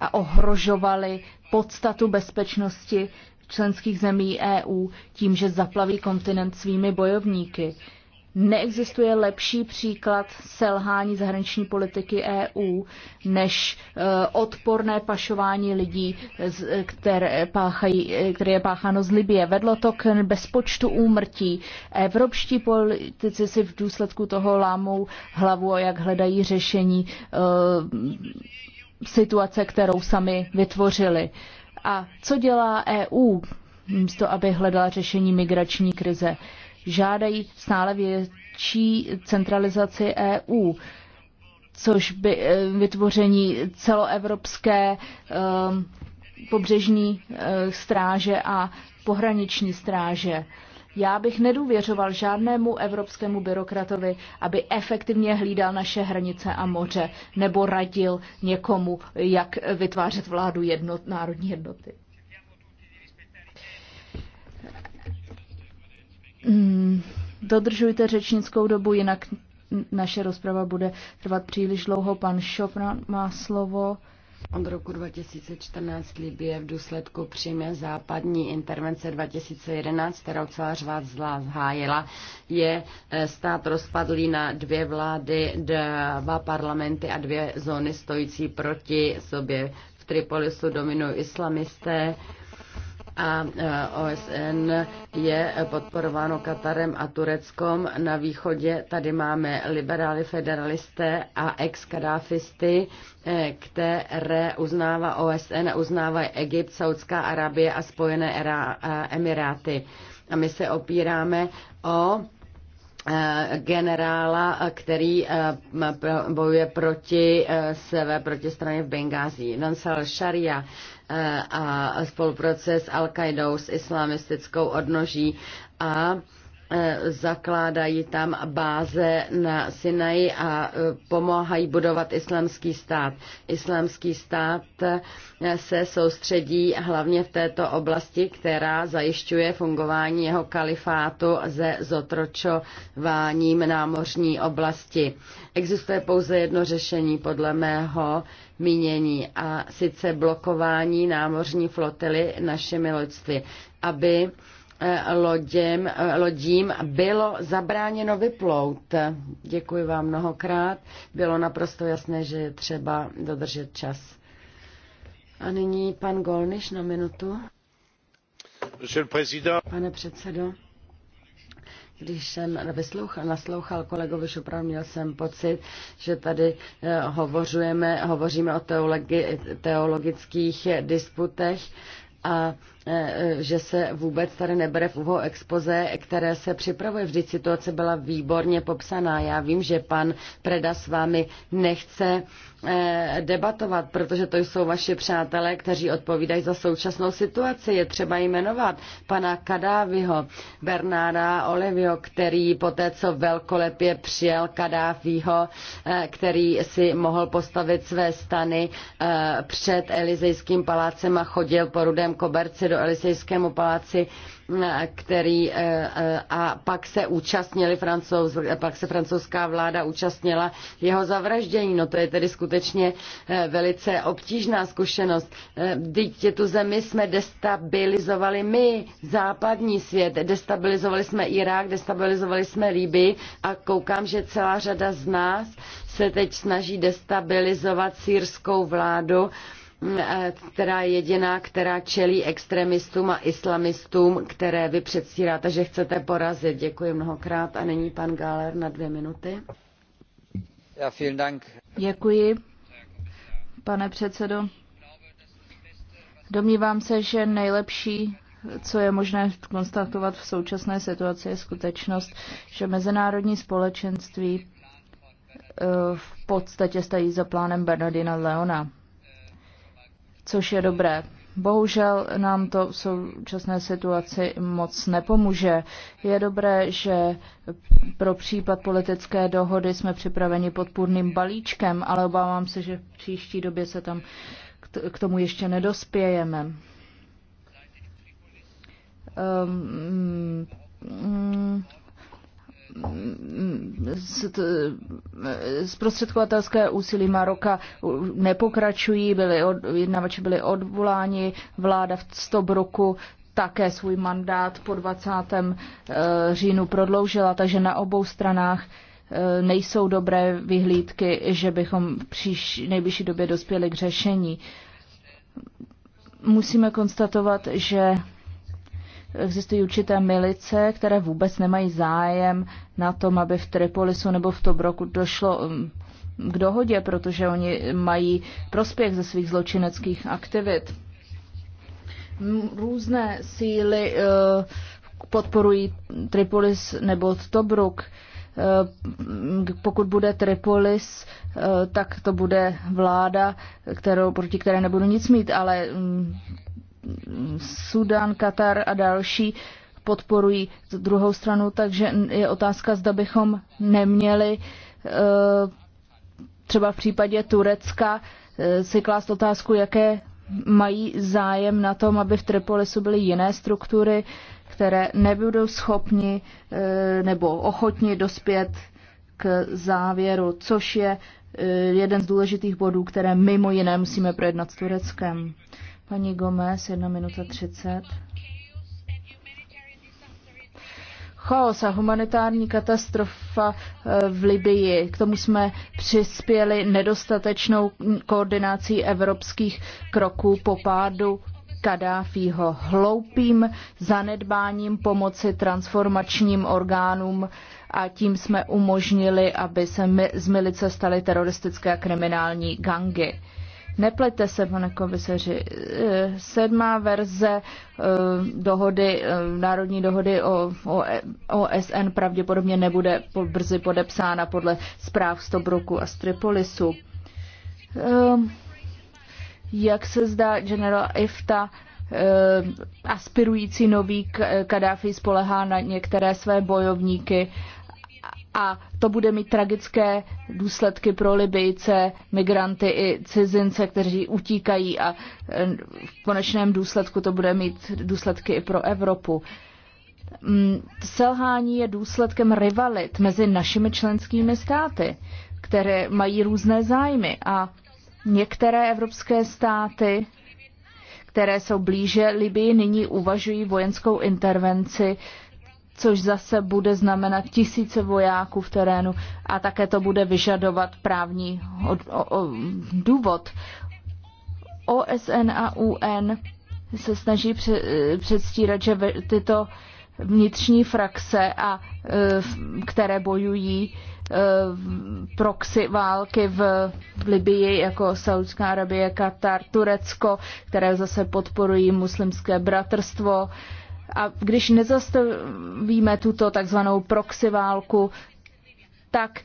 a ohrožovali podstatu bezpečnosti členských zemí EU tím, že zaplaví kontinent svými bojovníky. Neexistuje lepší příklad selhání zahraniční politiky EU než e, odporné pašování lidí, které, páchají, které je pácháno z Libie. Vedlo to k bezpočtu úmrtí. Evropští politici si v důsledku toho lámou hlavu, jak hledají řešení e, situace, kterou sami vytvořili. A co dělá EU, místo aby hledala řešení migrační krize? Žádají stále větší centralizaci EU, což by eh, vytvoření celoevropské eh, pobřežní eh, stráže a pohraniční stráže. Já bych nedůvěřoval žádnému evropskému byrokratovi, aby efektivně hlídal naše hranice a moře nebo radil někomu, jak vytvářet vládu jednot, národní jednoty. Mm, dodržujte řečnickou dobu, jinak naše rozprava bude trvat příliš dlouho. Pan Šopran má slovo. Od roku 2014 Libie v důsledku přímé západní intervence 2011, kterou celá řvát zlá zhájila, je eh, stát rozpadlý na dvě vlády, dva parlamenty a dvě zóny stojící proti sobě. V Tripolisu dominují islamisté, a e, OSN je podporováno Katarem a Tureckom. Na východě tady máme liberály, federalisté a ex-kadáfisty, e, které uznává OSN, uznávají Egypt, Saudská Arabie a Spojené e, Emiráty. A my se opíráme o generála, který bojuje proti své protistraně v Bengázi. Nansal Sharia Eh, a spolupráce s Al-Qaidou, s islamistickou odnoží a E, zakládají tam báze na Sinaji a e, pomáhají budovat islamský stát. Islamský stát e, se soustředí hlavně v této oblasti, která zajišťuje fungování jeho kalifátu ze zotročováním námořní oblasti. Existuje pouze jedno řešení podle mého mínění a sice blokování námořní flotily našimi loďstvy, aby loděm, lodím bylo zabráněno vyplout. Děkuji vám mnohokrát. Bylo naprosto jasné, že je třeba dodržet čas. A nyní pan Golniš na minutu. Pane předsedo, když jsem vyslouchal, naslouchal kolegovi Šupra, měl jsem pocit, že tady eh, hovoříme o teologi, teologických disputech a Eh, eh, že se vůbec tady nebere v úho expoze, které se připravuje. Vždyť situace byla výborně popsaná. Já vím, že pan Preda s vámi nechce eh, debatovat, protože to jsou vaši přátelé, kteří odpovídají za současnou situaci. Je třeba jmenovat pana Kadáviho, Bernáda Olivio, který po té, co velkolepě přijel Kadáviho, který si mohl postavit své stany před Elizejským palácem a chodil po rudém koberci do do Elisejskému paláci, který eh, eh, a pak se účastnili francouz, pak se francouzská vláda účastnila jeho zavraždění. No to je tedy skutečně eh, velice obtížná zkušenost. Teď tu zemi jsme destabilizovali my, západní svět, destabilizovali jsme Irák, destabilizovali jsme Líby a koukám, že celá řada z nás se teď snaží destabilizovat sírskou vládu která je jediná, která čelí extremistům a islamistům, které vy předstíráte, že chcete porazit. Děkuji mnohokrát a nyní pan Gáler na dvě minuty. Dank. Děkuji, pane předsedo. Domnívám se, že nejlepší, co je možné konstatovat v současné situaci, je skutečnost, že mezinárodní společenství eh, v podstatě stají za plánem Bernardina Leona což je dobré. Bohužel nám to v současné situaci moc nepomůže. Je dobré, že pro případ politické dohody jsme připraveni podpůrným balíčkem, ale obávám se, že v příští době se tam k tomu ještě nedospějeme. Um, um, zprostředkovatelské úsilí Maroka nepokračují, byli od, jednavači byli odvoláni, vláda v Stobroku také svůj mandát po 20. Eh, říjnu prodloužila, takže na obou stranách eh, nejsou dobré vyhlídky, že bychom v příš, nejbližší době dospěli k řešení. Musíme konstatovat, že existují určité milice, které vůbec nemají zájem na tom, aby v Tripolisu nebo v Tobroku došlo um, k dohodě, protože oni mají prospěch ze svých zločineckých aktivit. Různé síly uh, podporují Tripolis nebo Tobruk. Uh, pokud bude Tripolis, uh, tak to bude vláda, kterou, proti které nebudu nic mít, ale um, Sudan, Katar a další podporují druhou stranu, takže je otázka, zda bychom neměli eh, třeba v případě Turecka eh, si klást otázku, jaké mají zájem na tom, aby v Tripolisu byly jiné struktury, které nebudou schopni eh, nebo ochotni dospět k závěru, což je jeden z důležitých bodů, které mimo jiné musíme projednat s Tureckem. Paní Gomez, jedna minuta třicet. Chaos a humanitární katastrofa eh, v Libii. K tomu jsme přispěli nedostatečnou koordinací evropských kroků po pádu Kadáfího hloupým zanedbáním pomoci transformačním orgánům a tím jsme umožnili, aby se z milice staly teroristické a kriminální gangy. Neplete se, pane komisaři. Eh, sedmá verze eh, dohody, eh, národní dohody o, OSN e- pravděpodobně nebude brzy podepsána podle zpráv z Tobruku a z Tripolisu. Jak se zdá, generál Ifta aspirující nový Kadáfi spolehá na některé své bojovníky a to bude mít tragické důsledky pro Libijce, migranty i cizince, kteří utíkají a eh, v konečném důsledku to bude mít důsledky i pro Evropu. Mm, selhání je důsledkem rivalit mezi našimi členskými státy, které mají různé zájmy a některé evropské státy které jsou blíže Libii, nyní uvažují vojenskou intervenci což zase bude znamenat tisíce vojáků v terénu a také to bude vyžadovat právní od, o, o, důvod. OSN a UN se snaží předstírat, že tyto vnitřní frakce, a, e, které bojují e, proxy války v Libii, jako Saudská Arabie, Katar, Turecko, které zase podporují muslimské bratrstvo, a když nezastavíme tuto takzvanou proxy válku, tak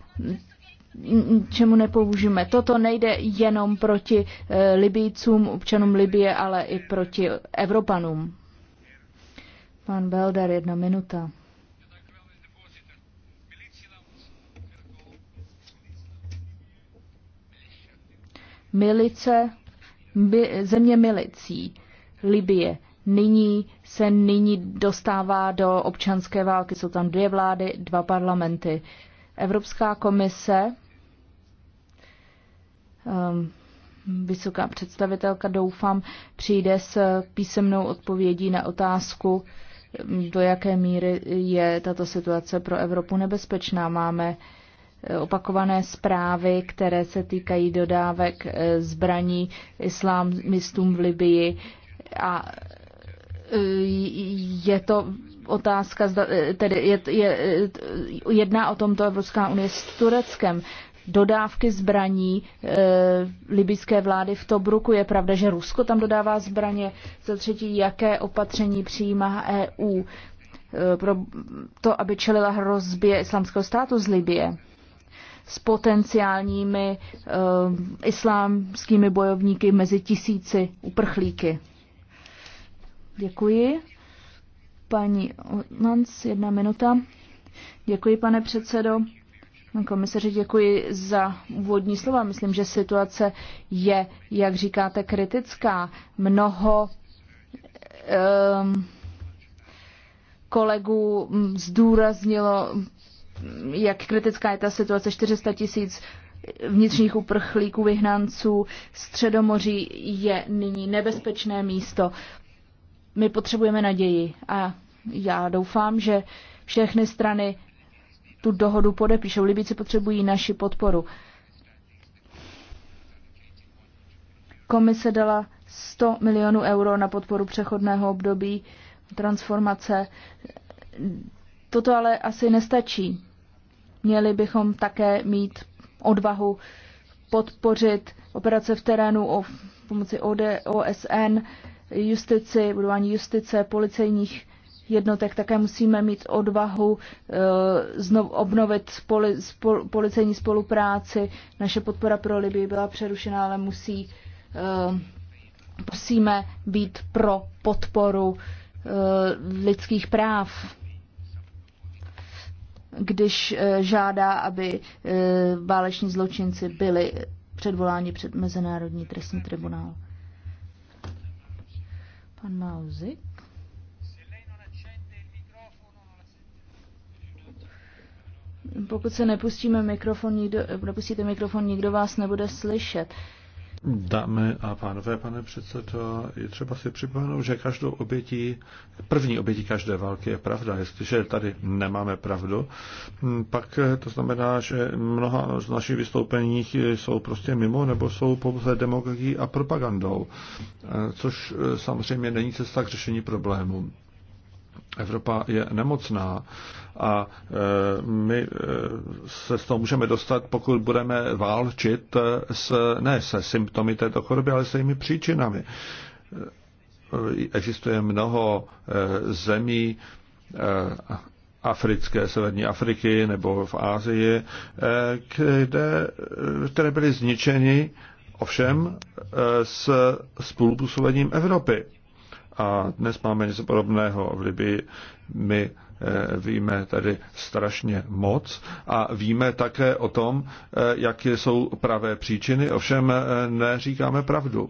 čemu nepoužijeme. Toto nejde jenom proti eh, Libijcům, občanům Libie, ale i proti Evropanům. Pan Belder, jedna minuta. Milice, země milicí Libie nyní se nyní dostává do občanské války. Jsou tam dvě vlády, dva parlamenty. Evropská komise, ehm, vysoká představitelka, doufám, přijde s písemnou odpovědí na otázku, ehm, do jaké míry je tato situace pro Evropu nebezpečná. Máme eh, opakované zprávy, které se týkají dodávek eh, zbraní islámistům v Libii a Eh, je to otázka, eh, tedy je, je, eh, jedná o tomto Evropská unie s Tureckem. Dodávky zbraní e, libyské vlády v Tobruku. Je pravda, že Rusko tam dodává zbraně. Za třetí, jaké opatření přijímá EU e, pro to, aby čelila hrozbě islamského státu z Libie s potenciálními e, islámskými bojovníky mezi tisíci uprchlíky. Děkuji. Paní Otmans, jedna minuta. Děkuji, pane předsedo. Komisaři, děkuji za úvodní slova. Myslím, že situace je, jak říkáte, kritická. Mnoho um, kolegů zdůraznilo, jak kritická je ta situace. 400 tisíc vnitřních uprchlíků, vyhnanců. Středomoří je nyní nebezpečné místo. My potřebujeme naději a já doufám, že všechny strany tu dohodu podepíšou. Libíci potřebují naši podporu. Komise dala 100 milionů euro na podporu přechodného období transformace. Toto ale asi nestačí. Měli bychom také mít odvahu podpořit operace v terénu o pomoci OD, OSN, justici, budování justice, policejních jednotek. Také musíme mít odvahu eh, znovu obnovit poli, spol, policejní spolupráci. Naše podpora pro Libii byla přerušena, ale musí, eh, musíme být pro podporu eh, lidských práv když žádá, aby váleční zločinci byli předvoláni před Mezinárodní trestní tribunál. Pan Mauzik. Pokud se nepustíme mikrofon, nikdo, nepustíte mikrofon, nikdo vás nebude slyšet. Dámy a pánové, pane předsedo, je třeba si připomenout, že každou obětí, první obětí každé války je pravda. Jestliže tady nemáme pravdu, hm, pak eh, to znamená, že mnoha z našich vystoupení jsou prostě mimo nebo jsou pouze demagogií a propagandou, eh, což eh, samozřejmě není cesta k řešení problému. Evropa je nemocná a e, my e, se z toho můžeme dostat, pokud budeme válčit e, s, ne se symptomy této choroby, ale se jejími příčinami. Existuje mnoho zemí africké, severní Afriky nebo v Ázii, kde, které byly zničeny ovšem s spolupůsobením Evropy a dnes máme něco podobného v Libii. My eh, víme tady strašně moc a víme také o tom, eh, jaké jsou pravé příčiny, ovšem eh, neříkáme pravdu.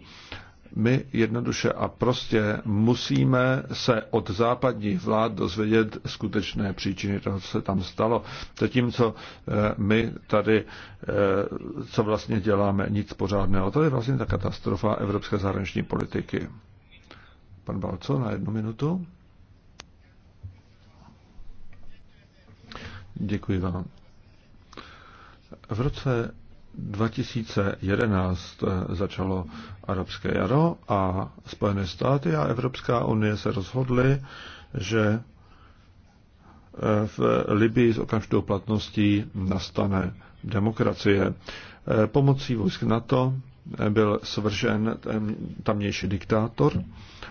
My jednoduše a prostě musíme se od západních vlád dozvědět skutečné příčiny toho, co se tam stalo. Zatímco my tady, co vlastně děláme, nic pořádného. To je vlastně ta katastrofa evropské zahraniční politiky. Pan Balco na jednu minutu. Děkuji vám. V roce 2011 eh, začalo arabské jaro a Spojené státy a Evropská unie se rozhodly, že eh, v Libii s okamžitou platností nastane demokracie. Eh, pomocí vojsk NATO byl svržen tamnější diktátor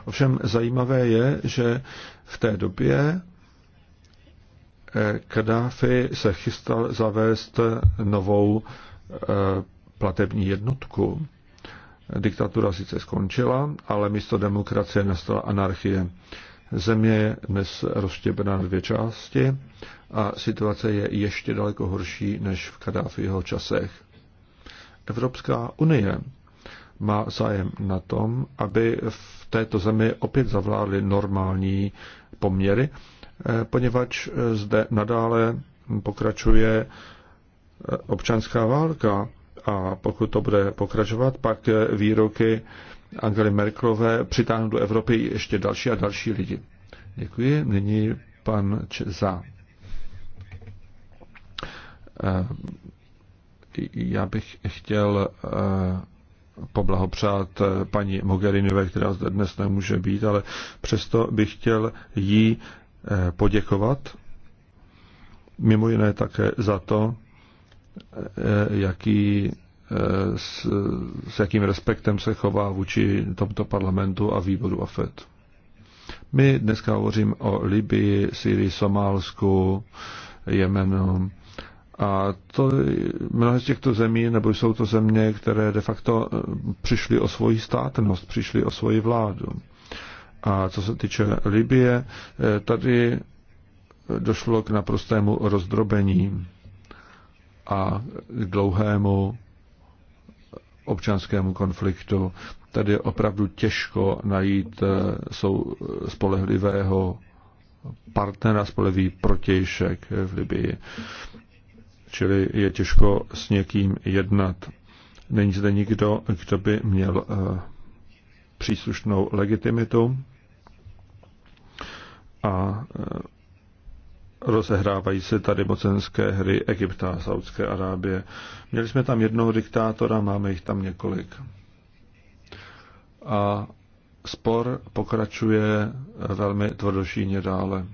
Ovšem zajímavé je, že v té době eh, Kadáfi se chystal zavést novou eh, platební jednotku. Diktatura sice skončila, ale místo demokracie nastala anarchie. Země je dnes rozštěpena na dvě části a situace je ještě daleko horší než v Kadáfiho časech. Evropská unie má zájem na tom, aby v této zemi opět zavládly normální poměry, eh, poněvadž eh, zde nadále pokračuje eh, občanská válka a pokud to bude pokračovat, pak výroky Angely Merklové přitáhnou do Evropy ještě další a další lidi. Děkuji. Nyní pan Čeza. Já bych chtěl poblahopřát eh, paní Mogherinové, která zde dnes nemůže být, ale přesto bych chtěl jí eh, poděkovat, mimo jiné také za to, eh, jaký, s, s jakým respektem se chová vůči tomto parlamentu a výboru AFED. My dneska hovořím o Libii, Syrii, Somálsku, Jemenu, a to mnohé z těchto zemí, nebo jsou to země, které de facto eh, přišly o svoji státnost, přišly o svoji vládu. A co se týče Libie, eh, tady došlo k naprostému rozdrobení a k dlouhému občanskému konfliktu. Tady je opravdu těžko najít eh, sou, spolehlivého partnera, spolehlivý protějšek v Libii čili je těžko s někým jednat. Není zde nikdo, kdo by měl eh, příslušnou legitimitu a eh, rozehrávají se tady mocenské hry Egypta a Saudské Arábie. Měli jsme tam jednoho diktátora, máme jich tam několik. A spor pokračuje velmi tvrdošíně dále.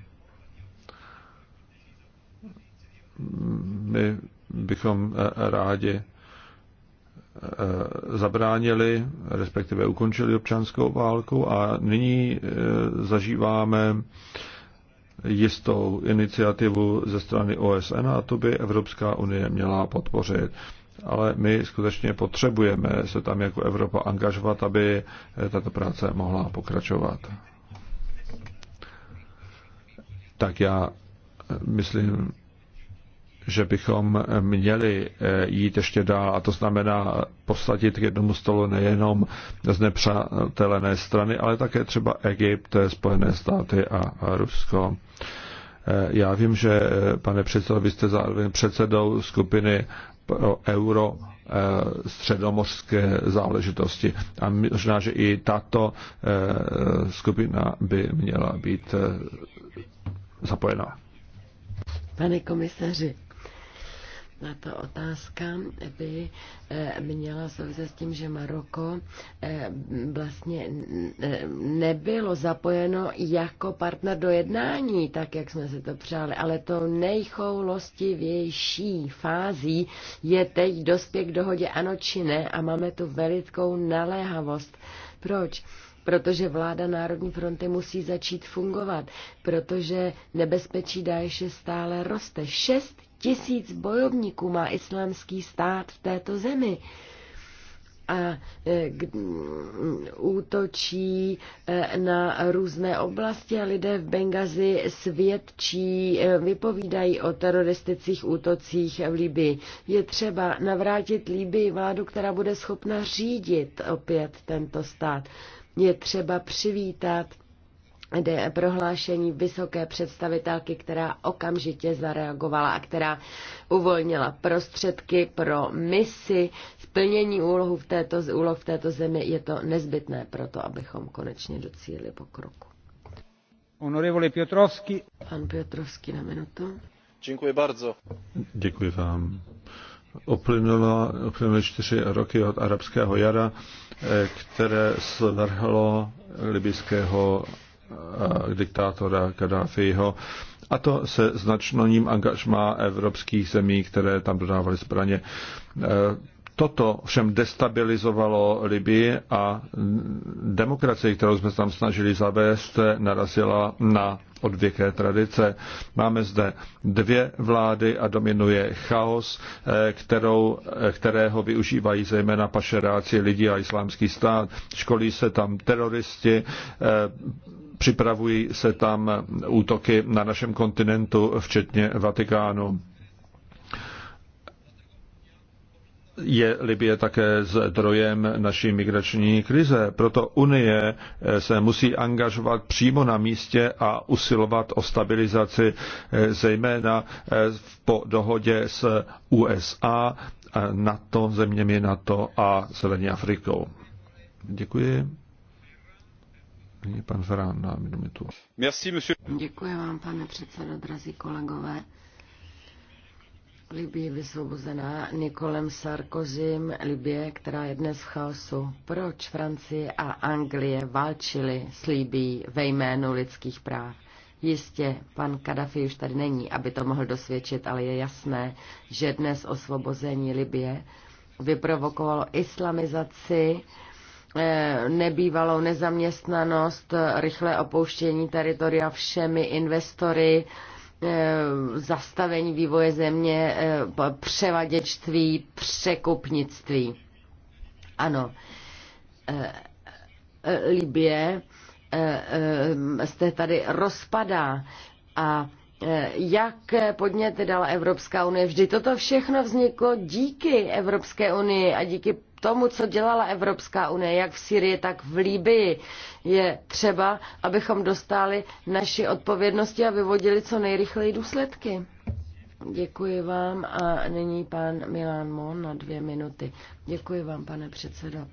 my bychom eh, rádi eh, zabránili, respektive ukončili občanskou válku a nyní eh, zažíváme jistou iniciativu ze strany OSN a to by Evropská unie měla podpořit. Ale my skutečně potřebujeme se tam jako Evropa angažovat, aby tato práce mohla pokračovat. Tak já myslím, že bychom měli eh, jít ještě dál, a to znamená posadit k jednomu stolu nejenom z nepřátelené strany, ale také třeba Egypt, Spojené státy a Rusko. Eh, já vím, že eh, pane předsedo, vy jste zároveň předsedou skupiny pro euro středomořské záležitosti. A možná, že i tato skupina by měla být zapojena. Pane komisaři, na to otázka by eh, měla souviset s tím, že Maroko eh, vlastně eh, nebylo zapojeno jako partner do jednání, tak jak jsme se to přáli, ale to nejchoulostivější fází je teď dospěch k dohodě ano či ne a máme tu velikou naléhavost. Proč? protože vláda Národní fronty musí začít fungovat, protože nebezpečí Daeše stále roste. šest tisíc bojovníků má islámský stát v této zemi a e, útočí e, na různé oblasti a lidé v Bengazi svědčí, e, vypovídají o teroristických útocích v Libii. Je třeba navrátit Libii vládu, která bude schopna řídit opět tento stát. Je třeba přivítat jde prohlášení vysoké představitelky, která okamžitě zareagovala a která uvolnila prostředky pro misi splnění úlohu v této, úloh v této zemi. Je to nezbytné pro to, abychom konečně docílili pokroku. Honorevole Piotrovský. Pan Piotrovský na minutu. Děkuji bardzo. Děkuji vám. Uplynulo, uplynuly čtyři roky od arabského jara, eh, které svrhlo libyského Eh, diktátora Kadáfiho. A to se značným angažmá evropských zemí, které tam dodávaly zbraně. Eh, toto všem destabilizovalo Libii a demokracie, kterou jsme tam snažili zavést, narazila na odvěké tradice. Máme zde dvě vlády a dominuje chaos, eh, kterou, kterého využívají zejména pašeráci lidi a islámský stát. Školí se tam teroristi, připravují se tam útoky na našem kontinentu, včetně Vatikánu. je Libie také zdrojem naší migrační krize. Proto Unie se musí angažovat přímo na místě a usilovat o stabilizaci, zejména po dohodě s USA, NATO, zeměmi NATO a Severní Afrikou. Děkuji. Nyní pan Ferán na minutu. Děkuji vám, pane předsedo, drazí kolegové. Libie vysvobozená Nikolem Sarkozym, Libie, která je dnes v chaosu. Proč Francie a Anglie válčili s Libií ve jménu lidských práv? Jistě, pan Kadafi už tady není, aby to mohl dosvědčit, ale je jasné, že dnes osvobození Libie vyprovokovalo islamizaci Eh, nebývalou nezaměstnanost, rychlé opouštění teritoria všemi investory, eh, zastavení vývoje země, eh, převaděčství, překupnictví. Ano. Libie se tady rozpadá a jak podněty dala Evropská unie. Vždy toto všechno vzniklo díky Evropské unii a díky tomu, co dělala Evropská unie, jak v Syrii, tak v Líbii, je třeba, abychom dostali naši odpovědnosti a vyvodili co nejrychleji důsledky. Děkuji vám a nyní pan Milan Mon na dvě minuty. Děkuji vám, pane předsedo.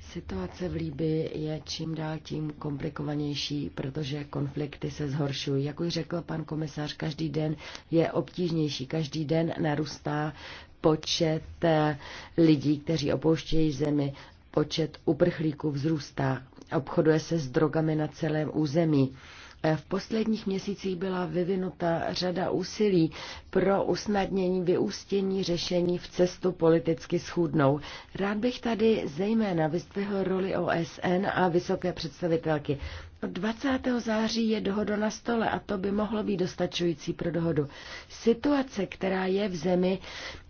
Situace v Líbii je čím dál tím komplikovanější, protože konflikty se zhoršují. Jak už řekl pan komisař, každý den je obtížnější, každý den narůstá počet eh, lidí, kteří opouštějí zemi, počet uprchlíků vzrůstá, obchoduje se s drogami na celém území. V posledních měsících byla vyvinuta řada úsilí pro usnadnění vyústění řešení v cestu politicky schůdnou. Rád bych tady zejména vystvihl roli OSN a vysoké představitelky. Od 20. září je dohoda na stole a to by mohlo být dostačující pro dohodu. Situace, která je v zemi,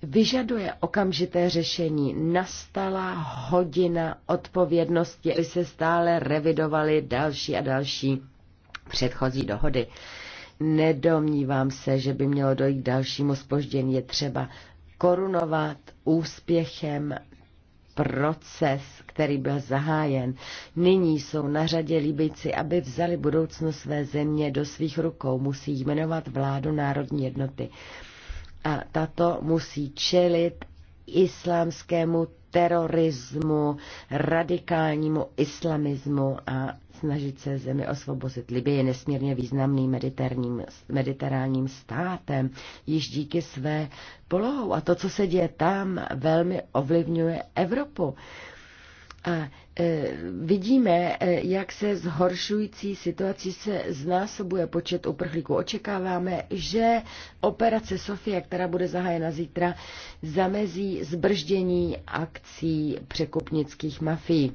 vyžaduje okamžité řešení. Nastala hodina odpovědnosti, aby se stále revidovaly další a další předchozí dohody. Nedomnívám se, že by mělo dojít k dalšímu spoždění. Je třeba korunovat úspěchem proces, který byl zahájen. Nyní jsou na řadě Líbici, aby vzali budoucnost své země do svých rukou. Musí jmenovat vládu národní jednoty. A tato musí čelit islámskému terorismu, radikálnímu islamismu a snažit se zemi osvobozit. Libie je nesmírně významným mediterálním státem, již díky své polohou. A to, co se děje tam, velmi ovlivňuje Evropu. A e, vidíme, e, jak se zhoršující situací se znásobuje počet uprchlíků. Očekáváme, že operace Sofie, která bude zahájena zítra, zamezí zbrždění akcí překupnických mafií.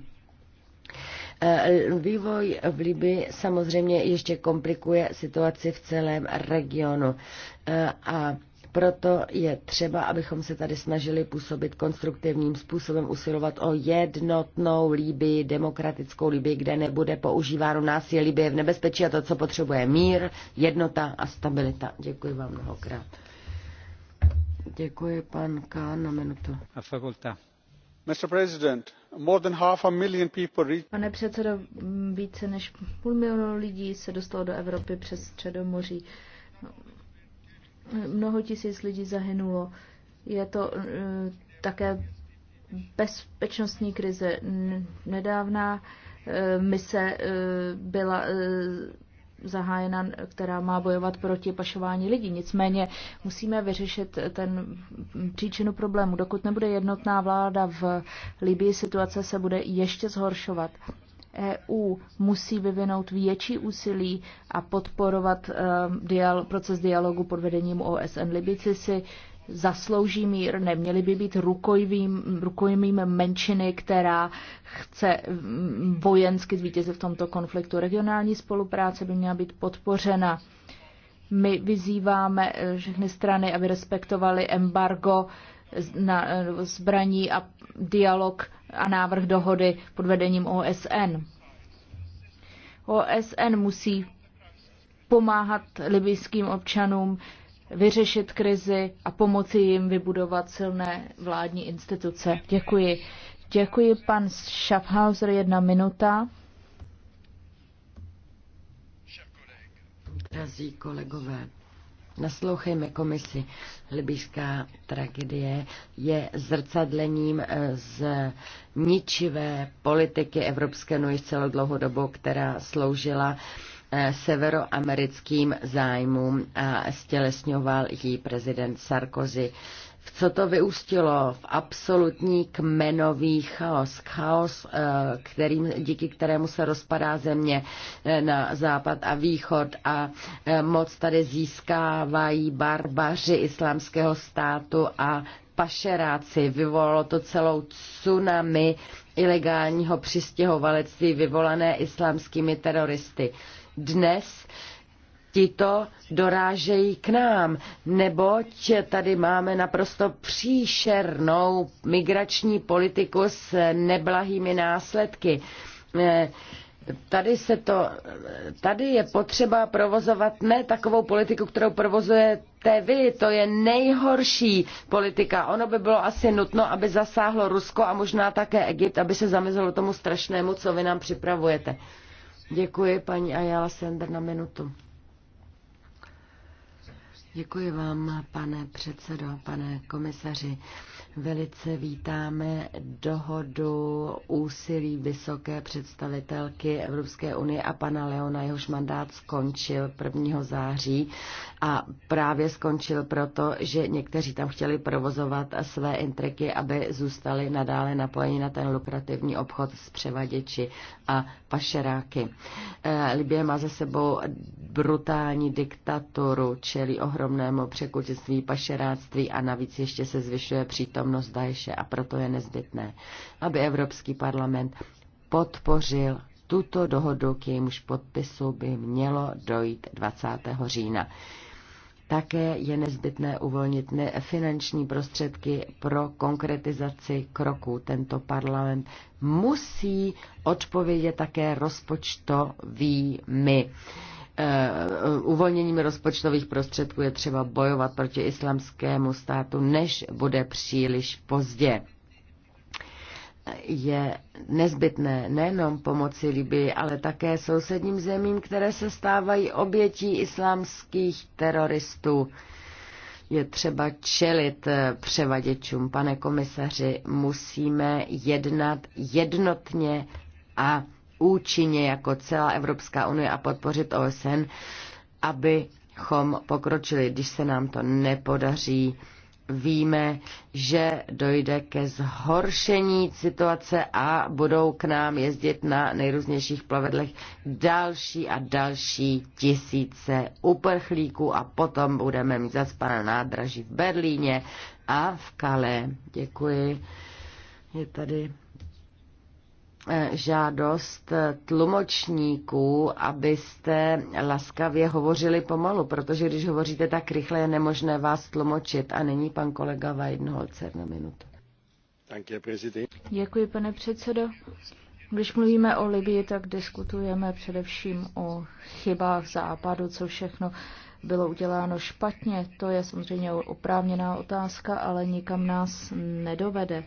E, vývoj v Libii samozřejmě ještě komplikuje situaci v celém regionu. E, a proto je třeba, abychom se tady snažili působit konstruktivním způsobem, usilovat o jednotnou Líbii, demokratickou Líbii, kde nebude používáno násilí. Líbie v nebezpečí a to, co potřebuje mír, jednota a stabilita. Děkuji vám mnohokrát. Děkuji, pan K. na minutu. A fakulta. Mr. President, more than half a million people reach... Pane předsedo, více než půl milionu lidí se dostalo do Evropy přes Středomoří. moří Mnoho tisíc lidí zahynulo. Je to e, také bezpečnostní krize. Nedávná e, mise e, byla zahájena, která má bojovat proti pašování lidí. Nicméně musíme vyřešit ten příčinu problému. Dokud nebude jednotná vláda v Libii, situace se bude ještě zhoršovat. EU musí vyvinout větší úsilí a podporovat eh, dial- proces dialogu pod vedením OSN. Libici si zaslouží mír, neměli by být rukojmím, rukojmím menšiny, která chce mm, vojensky zvítězit v tomto konfliktu. Regionální spolupráce by měla být podpořena. My vyzýváme eh, všechny strany, aby respektovali embargo na eh, zbraní a dialog a návrh dohody pod vedením OSN. OSN musí pomáhat libijským občanům vyřešit krizi a pomoci jim vybudovat silné vládní instituce. Děkuji. Děkuji, pan Schaffhauser, jedna minuta. Drazí kolegové, Naslouchejme komisi. Libyšská tragédie je zrcadlením eh, z ničivé politiky Evropské unie celou dobu, která sloužila eh, severoamerickým zájmům a stělesňoval jí prezident Sarkozy co to vyústilo? V absolutní kmenový eh, chaos. Chaos, eh, kterým, díky kterému se rozpadá země eh, na západ a východ a moc tady získávají barbaři islámského státu a pašeráci. Vyvolalo to celou tsunami ilegálního přistěhovalectví vyvolané islámskými teroristy. Dnes tito dorážejí k nám, neboť tady máme naprosto příšernou migrační politiku s neblahými následky. Eh, tady, se to, tady je potřeba provozovat ne takovou politiku, kterou provozujete vy, to je nejhorší politika. Ono by bylo asi nutno, aby zasáhlo Rusko a možná také Egypt, aby se zamezilo tomu strašnému, co vy nám připravujete. Děkuji, paní Ayala Sender, na minutu. Děkuji vám, pane předsedo, pane komisaři. Velice vítáme dohodu úsilí vysoké představitelky Evropské unie a pana Leona, jehož mandát skončil 1. září a právě skončil proto, že někteří tam chtěli provozovat své intriky, aby zůstali nadále napojeni na ten lukrativní obchod s převaděči a pašeráky. E, Libie má za sebou brutální diktaturu, čelí ohromnému překutěství pašeráctví a navíc ještě se zvyšuje přítomnost Daeše a proto je nezbytné, aby Evropský parlament podpořil tuto dohodu, k jejímuž podpisu by mělo dojít 20. října. Také je nezbytné uvolnit finanční prostředky pro konkretizaci kroků. Tento parlament musí odpovědět také rozpočtovými eh, uvolněním rozpočtových prostředků je třeba bojovat proti islamskému státu, než bude příliš pozdě je nezbytné nejenom pomoci Libii, ale také sousedním zemím, které se stávají obětí islámských teroristů. Je třeba čelit převaděčům. Pane komisaři, musíme jednat jednotně a účinně jako celá Evropská unie a podpořit OSN, abychom pokročili. Když se nám to nepodaří, víme, že dojde ke zhoršení situace a budou k nám jezdit na nejrůznějších plavedlech další a další tisíce uprchlíků a potom budeme mít zaspané nádraží v Berlíně a v Kale. Děkuji. Je tady žádost tlumočníků, abyste laskavě hovořili pomalu, protože když hovoříte tak rychle, je nemožné vás tlumočit. A není pan kolega Weidenholzer na minutu. Děkuji, pane předsedo. Když mluvíme o Libii, tak diskutujeme především o chybách západu, co všechno bylo uděláno špatně. To je samozřejmě oprávněná otázka, ale nikam nás nedovede.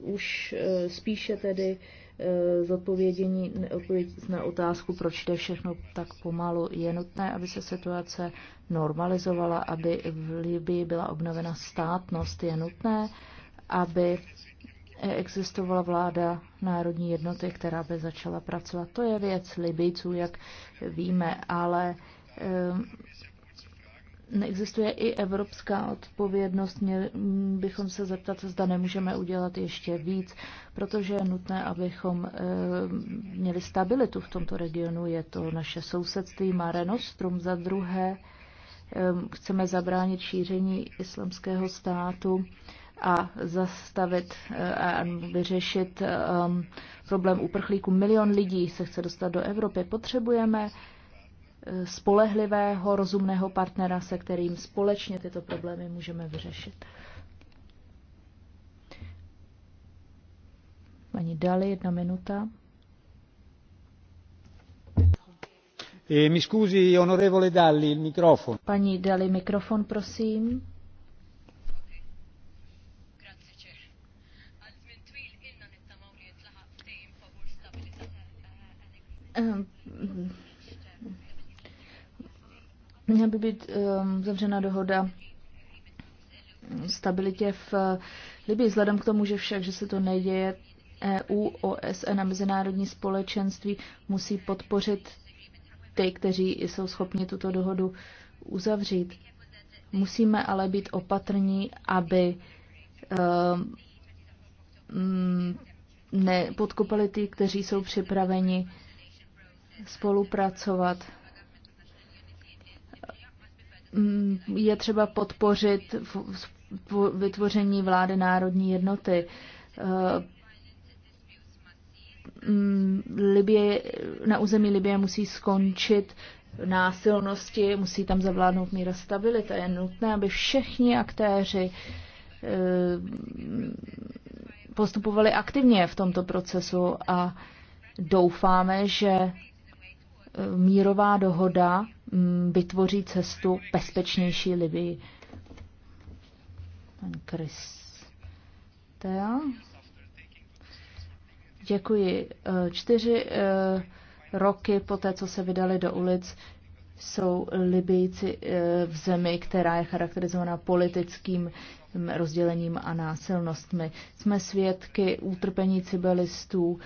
Už eh, spíše tedy Eh, zodpovědění na otázku, proč jde všechno tak pomalu. Je nutné, aby se situace normalizovala, aby v Libii byla obnovena státnost. Je nutné, aby existovala vláda národní jednoty, která by začala pracovat. To je věc Libijců, jak víme, ale eh, neexistuje i evropská odpovědnost, měli bychom se zeptat, zda nemůžeme udělat ještě víc, protože je nutné, abychom eh, měli stabilitu v tomto regionu. Je to naše sousedství Mare Nostrum za druhé. Eh, chceme zabránit šíření islamského státu a zastavit eh, a vyřešit problém uprchlíků. Milion lidí se chce dostat do Evropy. Potřebujeme spolehlivého, rozumného partnera, se kterým společně tyto problémy můžeme vyřešit. Paní Dali, jedna minuta. Eh, mi scusi, onorevole Dalli, il microfono. Paní Dali, mikrofon, prosím. Um, Měla by být um, ehm, zavřena dohoda stabilitě v eh, Libii, vzhledem k tomu, že však, že se to neděje, EU, OSN a mezinárodní společenství musí podpořit ty, kteří jsou schopni tuto dohodu uzavřít. Musíme ale být opatrní, aby um, ehm, mm, nepodkopali ty, kteří jsou připraveni spolupracovat Mm, je třeba podpořit vytvoření vlády národní jednoty. Eh, mm, Libie, na území Libie musí skončit násilnosti, musí tam zavládnout míra stabilita. Je nutné, aby všichni aktéři eh, postupovali aktivně v tomto procesu a doufáme, že mírová dohoda mm, vytvoří cestu bezpečnější Libii. Pan Chris. Tea. Děkuji. Eh, čtyři eh, roky po té, co se vydali do ulic, jsou Libijci eh, v zemi, která je charakterizovaná politickým hm, rozdělením a násilnostmi. Jsme svědky utrpení civilistů,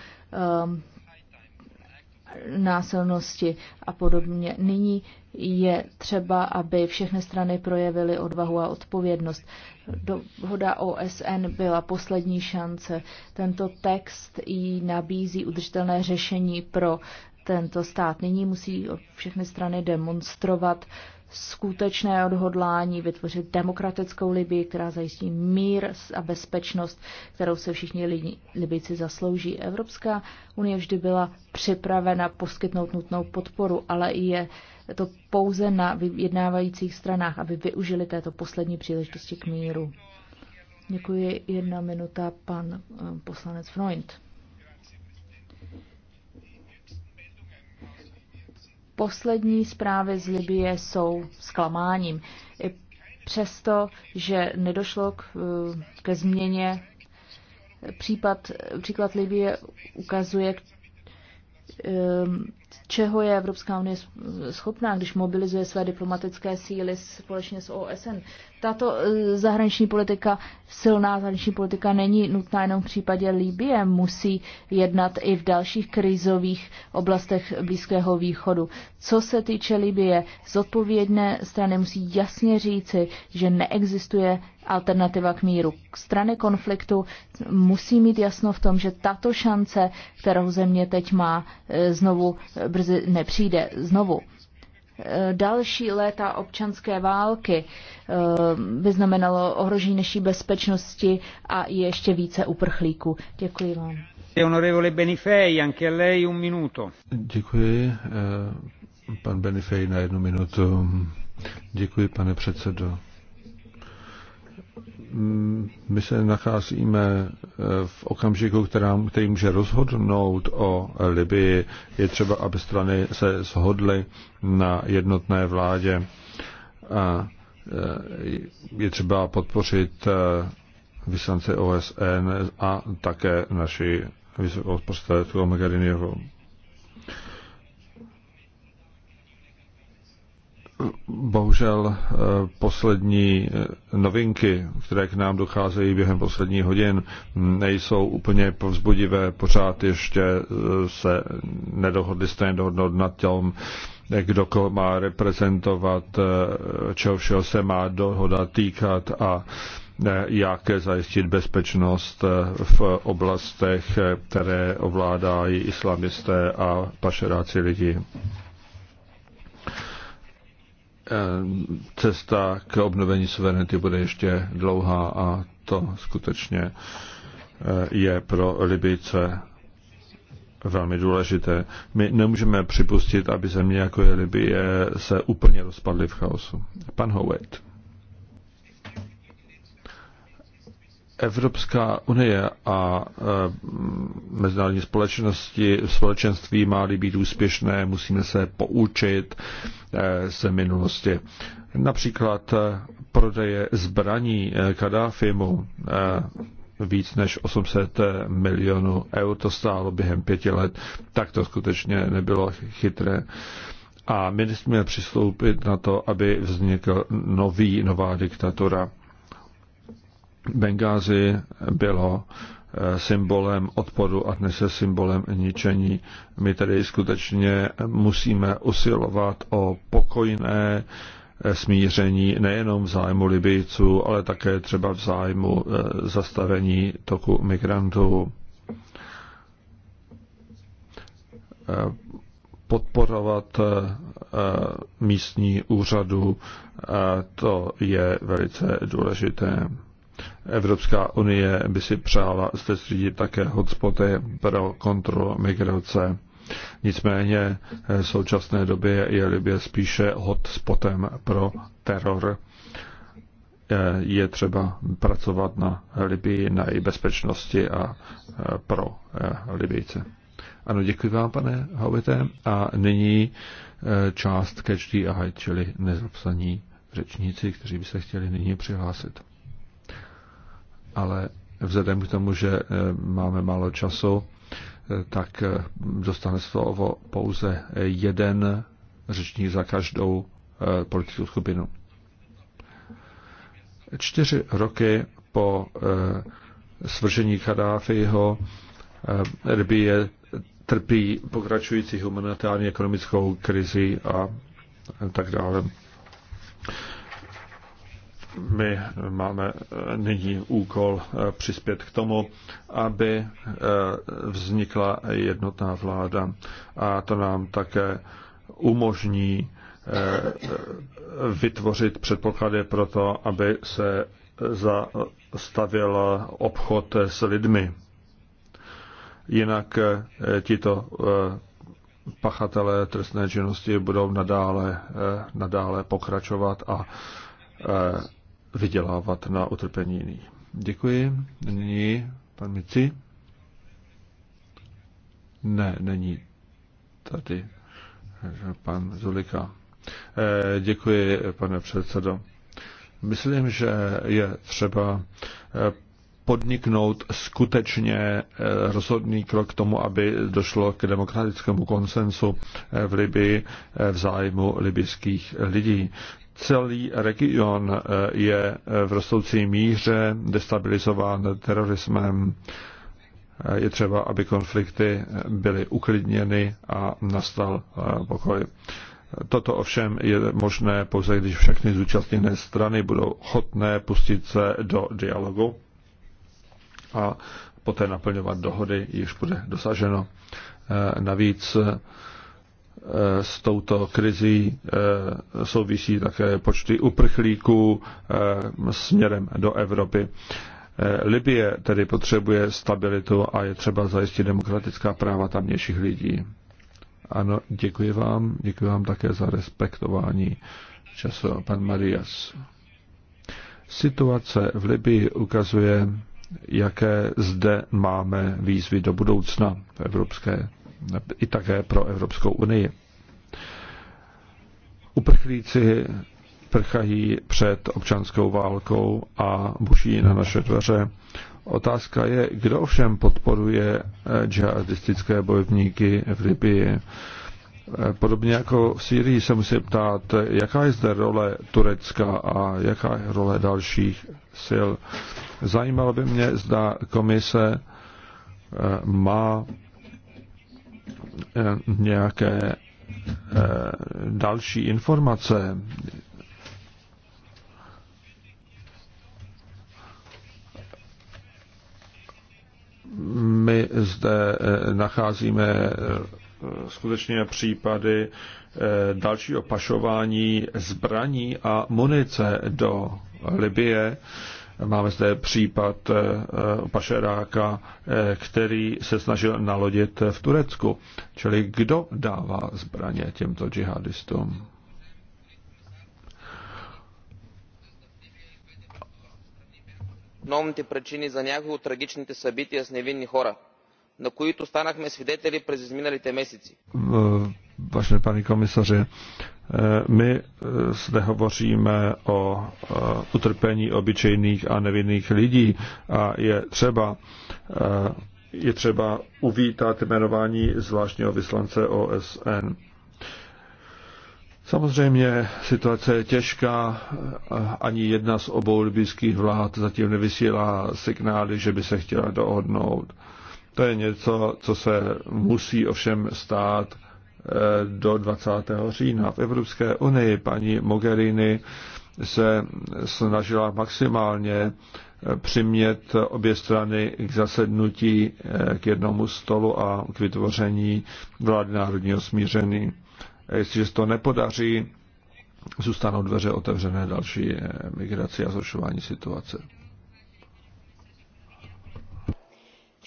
ehm, násilnosti a podobně. Nyní je třeba, aby všechny strany projevily odvahu a odpovědnost. Dohoda OSN byla poslední šance. Tento text jí nabízí udržitelné řešení pro tento stát. Nyní musí všechny strany demonstrovat skutečné odhodlání vytvořit demokratickou Libii, která zajistí mír a bezpečnost, kterou se všichni lidi, Libici zaslouží. Evropská unie vždy byla připravena poskytnout nutnou podporu, ale je to pouze na vyjednávajících stranách, aby využili této poslední příležitosti k míru. Děkuji. Jedna minuta, pan eh, poslanec Freund. Poslední zprávy z Libie jsou zklamáním. I přesto, že nedošlo k, eh, ke změně, případ, příklad Libie ukazuje, um, čeho je Evropská unie schopná, když mobilizuje své diplomatické síly společně s OSN. Tato eh, zahraniční politika, silná zahraniční politika není nutná jenom v případě Líbie, musí jednat i v dalších krizových oblastech Blízkého východu. Co se týče Líbie, zodpovědné strany musí jasně říci, že neexistuje alternativa k míru. Strany konfliktu musí mít jasno v tom, že tato šance, kterou země teď má, eh, znovu eh, brzy nepřijde znovu. Eh, další léta občanské války eh, by znamenalo ohrožení naší bezpečnosti a ještě více uprchlíků. Děkuji vám. Děkuji. Eh, pan Benifej na jednu minutu. Děkuji, pane předsedo. Mm, my se nacházíme eh, v okamžiku, která, který může rozhodnout o Libii. Je třeba, aby strany se shodly na jednotné vládě. A eh, je třeba podpořit eh, vyslance OSN a také naši vysokou představitelku Mogheriniovu. bohužel eh, poslední eh, novinky, které k nám docházejí během posledních hodin, nejsou úplně povzbudivé. Pořád ještě eh, se nedohodli stejně dohodnout nad tělom, kdo koho má reprezentovat, čeho všeho se má dohoda týkat a jak zajistit bezpečnost v oblastech, které ovládají islamisté a pašeráci lidí. Eh, cesta k obnovení suverenity bude ještě dlouhá a to skutečně eh, je pro Libice velmi důležité. My nemůžeme připustit, aby země jako je Libie se úplně rozpadly v chaosu. Pan Howard. Evropská unie a eh, mezinárodní společnosti, společenství má být úspěšné, musíme se poučit eh, ze minulosti. Například eh, prodeje zbraní Kadáfimu víc než 800 milionů eur to stálo během pěti let, tak to skutečně nebylo chytré. A my nesmíme přistoupit na to, aby vznikl nový, nová diktatura Bengázi bylo eh, symbolem odporu a dnes je symbolem ničení. My tedy skutečně musíme usilovat o pokojné eh, smíření nejenom v zájmu Libijců, ale také třeba v zájmu eh, zastavení toku migrantů. Podporovat místní úřadu, to je velice důležité. Evropská unie by si přála zde zřídit také hotspoty pro kontrolu migrace. Nicméně v současné době je Libě spíše hotspotem pro teror. Eh, je třeba pracovat na Libii, na její bezpečnosti a eh, pro eh, Libijce. Ano, děkuji vám, pane Hovite. A nyní část Catch the Eye, čili nezapsaní řečníci, kteří by se chtěli nyní přihlásit ale vzhledem k tomu, že eh, máme málo času, eh, tak eh, dostane slovo pouze jeden řečník za každou politickou skupinu. Čtyři roky po svržení Kadáfiho Erbie trpí pokračující humanitární ekonomickou krizi a tak dále my máme eh, nyní úkol eh, přispět k tomu, aby eh, vznikla jednotná vláda a to nám také umožní vytvořit předpoklady pro to, aby se zastavil obchod s lidmi. Jinak tito pachatelé trestné činnosti budou nadále, nadále pokračovat a vydělávat na utrpení jiných. Děkuji. Nyní pan Mici. Ne, není tady pan Zulika. Eh, děkuji, pane předsedo. Myslím, že je třeba eh, podniknout skutečně eh, rozhodný krok k tomu, aby došlo k demokratickému konsensu v Libii v zájmu libijských lidí celý region eh, je eh, v rostoucí míře destabilizován terorismem. Eh, je třeba, aby konflikty byly uklidněny a nastal pokoj. Toto ovšem je možné pouze, když všechny zúčastněné strany budou ochotné pustit se do dialogu a poté naplňovat dohody, již bude dosaženo. Navíc Eh, s touto krizí eh, souvisí také počty uprchlíků eh, směrem do Evropy. Libie tedy potřebuje stabilitu a je třeba zajistit demokratická práva tamnějších lidí. Ano, děkuji vám. Děkuji vám také za respektování času, pan Marias. Situace v Libii ukazuje, jaké zde máme výzvy do budoucna v Evropské i také pro Evropskou unii. Uprchlíci prchají před občanskou válkou a buší na naše dveře. Otázka je, kdo ovšem podporuje eh, džihadistické bojovníky v Libii. Eh, podobně jako v Syrii se musí ptát, jaká je zde role Turecka a jaká je role dalších sil. Zajímalo by mě, zda komise eh, má Eh, nějaké eh, další informace, my zde eh, nacházíme skutečně případy dalšího pašování zbraní a munice do Libie Máme zde případ pašeráka, který se snažil nalodit v Turecku. Čili kdo dává zbraně těmto džihadistům? основните причини за някои от трагичните събития с невинни хора, на които станахме свидетели през изминалите месеци. Vážený pane komisaře. Eh, my eh, zde hovoříme o eh, utrpení obyčejných a nevinných lidí a je třeba, je třeba uvítat jmenování zvláštního vyslance OSN. Samozřejmě situace je těžká, ani jedna z obou libijských vlád zatím nevysílá signály, že by se chtěla dohodnout. To je něco, co se musí ovšem stát do 20. října. V Evropské unii paní Mogherini se snažila maximálně přimět obě strany k zasednutí eh, k jednomu stolu a k vytvoření vlády národního smíření. Jestliže se to nepodaří, zůstanou dveře otevřené další eh, migraci a zhoršování situace.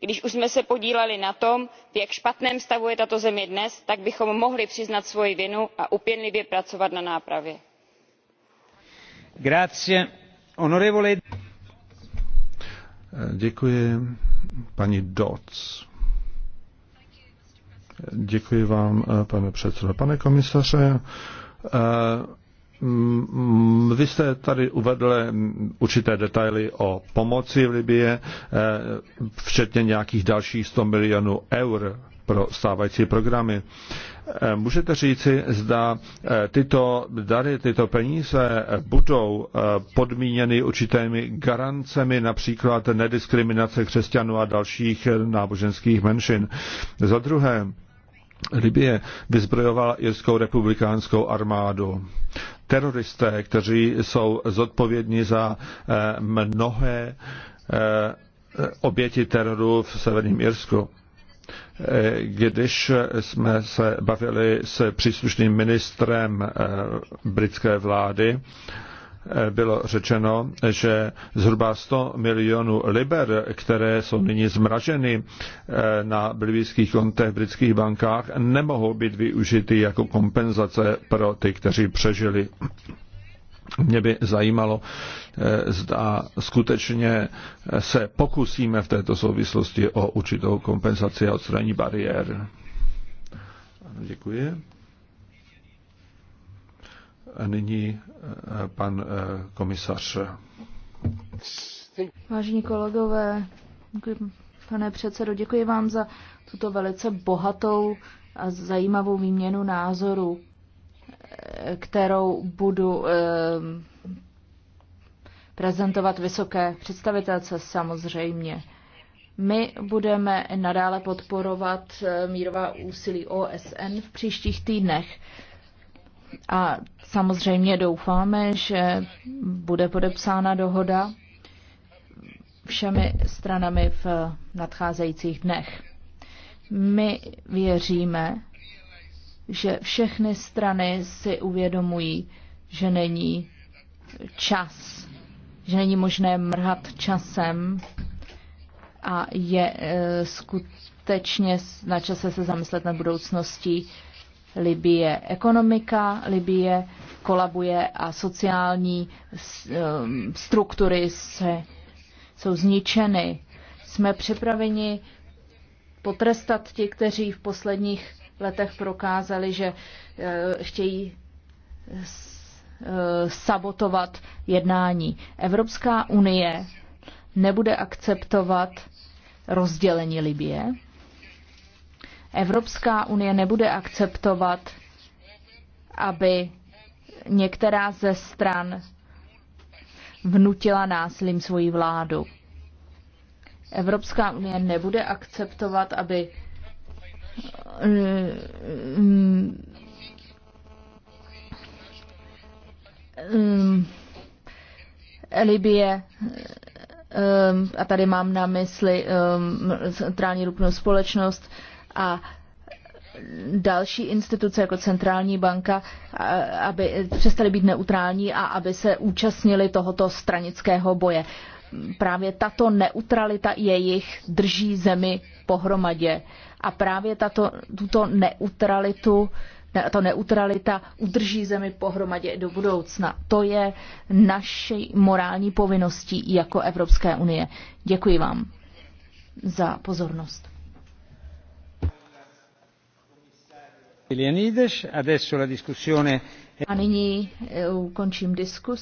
když už jsme se podíleli na tom v jak špatném stavu je tato země dnes tak bychom mohli přiznat svoji vinu a úpěnlivě pracovat na nápravě. Děkuji, paní dodds. Děkuji vám, eh, pane předsedo. Pane komisaře, eh, Mm, vy jste tady uvedl určité detaily o pomoci v Libie, eh, včetně nějakých dalších 100 milionů eur pro stávající programy. Eh, můžete říci, zda eh, tyto dary, tyto peníze budou podmíněny určitými garancemi, například nediskriminace křesťanů a dalších náboženských menšin. Za druhé, Libie vyzbrojovala Irskou republikánskou armádu teroristé, kteří jsou zodpovědní za eh, mnohé eh, oběti teroru v Severním Irsku. Eh, když jsme se bavili s příslušným ministrem britské vlády, Eh, bylo řečeno, že zhruba 100 milionů liber, které jsou nyní zmraženy eh, na blivických kontech v britských bankách, nemohou být využity jako kompenzace pro ty, kteří přežili. Mě by zajímalo, eh, zda skutečně se pokusíme v této souvislosti o určitou kompenzaci a odstranění bariér. Děkuji. Nyní eh, pan eh, komisař. Vážení kolegové, děkuji, pane předsedo, děkuji vám za tuto velice bohatou a zajímavou výměnu názorů, eh, kterou budu prezentovat vysoké představitelce samozřejmě. My budeme nadále podporovat mírová úsilí OSN v příštích týdnech. A samozřejmě doufáme, že bude podepsána dohoda všemi stranami v nadcházejících dnech. My věříme, že všechny strany si uvědomují, že není čas, že není možné mrhat časem a je eh, skutečně na čase se zamyslet nad budoucností Libie ekonomika, Libie kolabuje a sociální um, struktury se, jsou zničeny. Jsme připraveni potrestat ti, kteří v posledních letech prokázali, že eh, chtějí eh, sabotovat jednání. Evropská unie nebude akceptovat rozdělení Libie, Evropská unie nebude akceptovat, aby některá ze stran vnutila násilím svoji vládu. Evropská unie nebude akceptovat, aby eh, eh, Libie, eh, a tady mám na mysli centrální rupnou společnost, a další instituce jako centrální banka, aby přestaly být neutrální a aby se účastnili tohoto stranického boje. Právě tato neutralita jejich drží zemi pohromadě. A právě tato, tuto neutralitu ta neutralita udrží zemi pohromadě do budoucna. To je naší morální povinností jako Evropské unie. Děkuji vám za pozornost. A nyní eh, ukončím diskusi.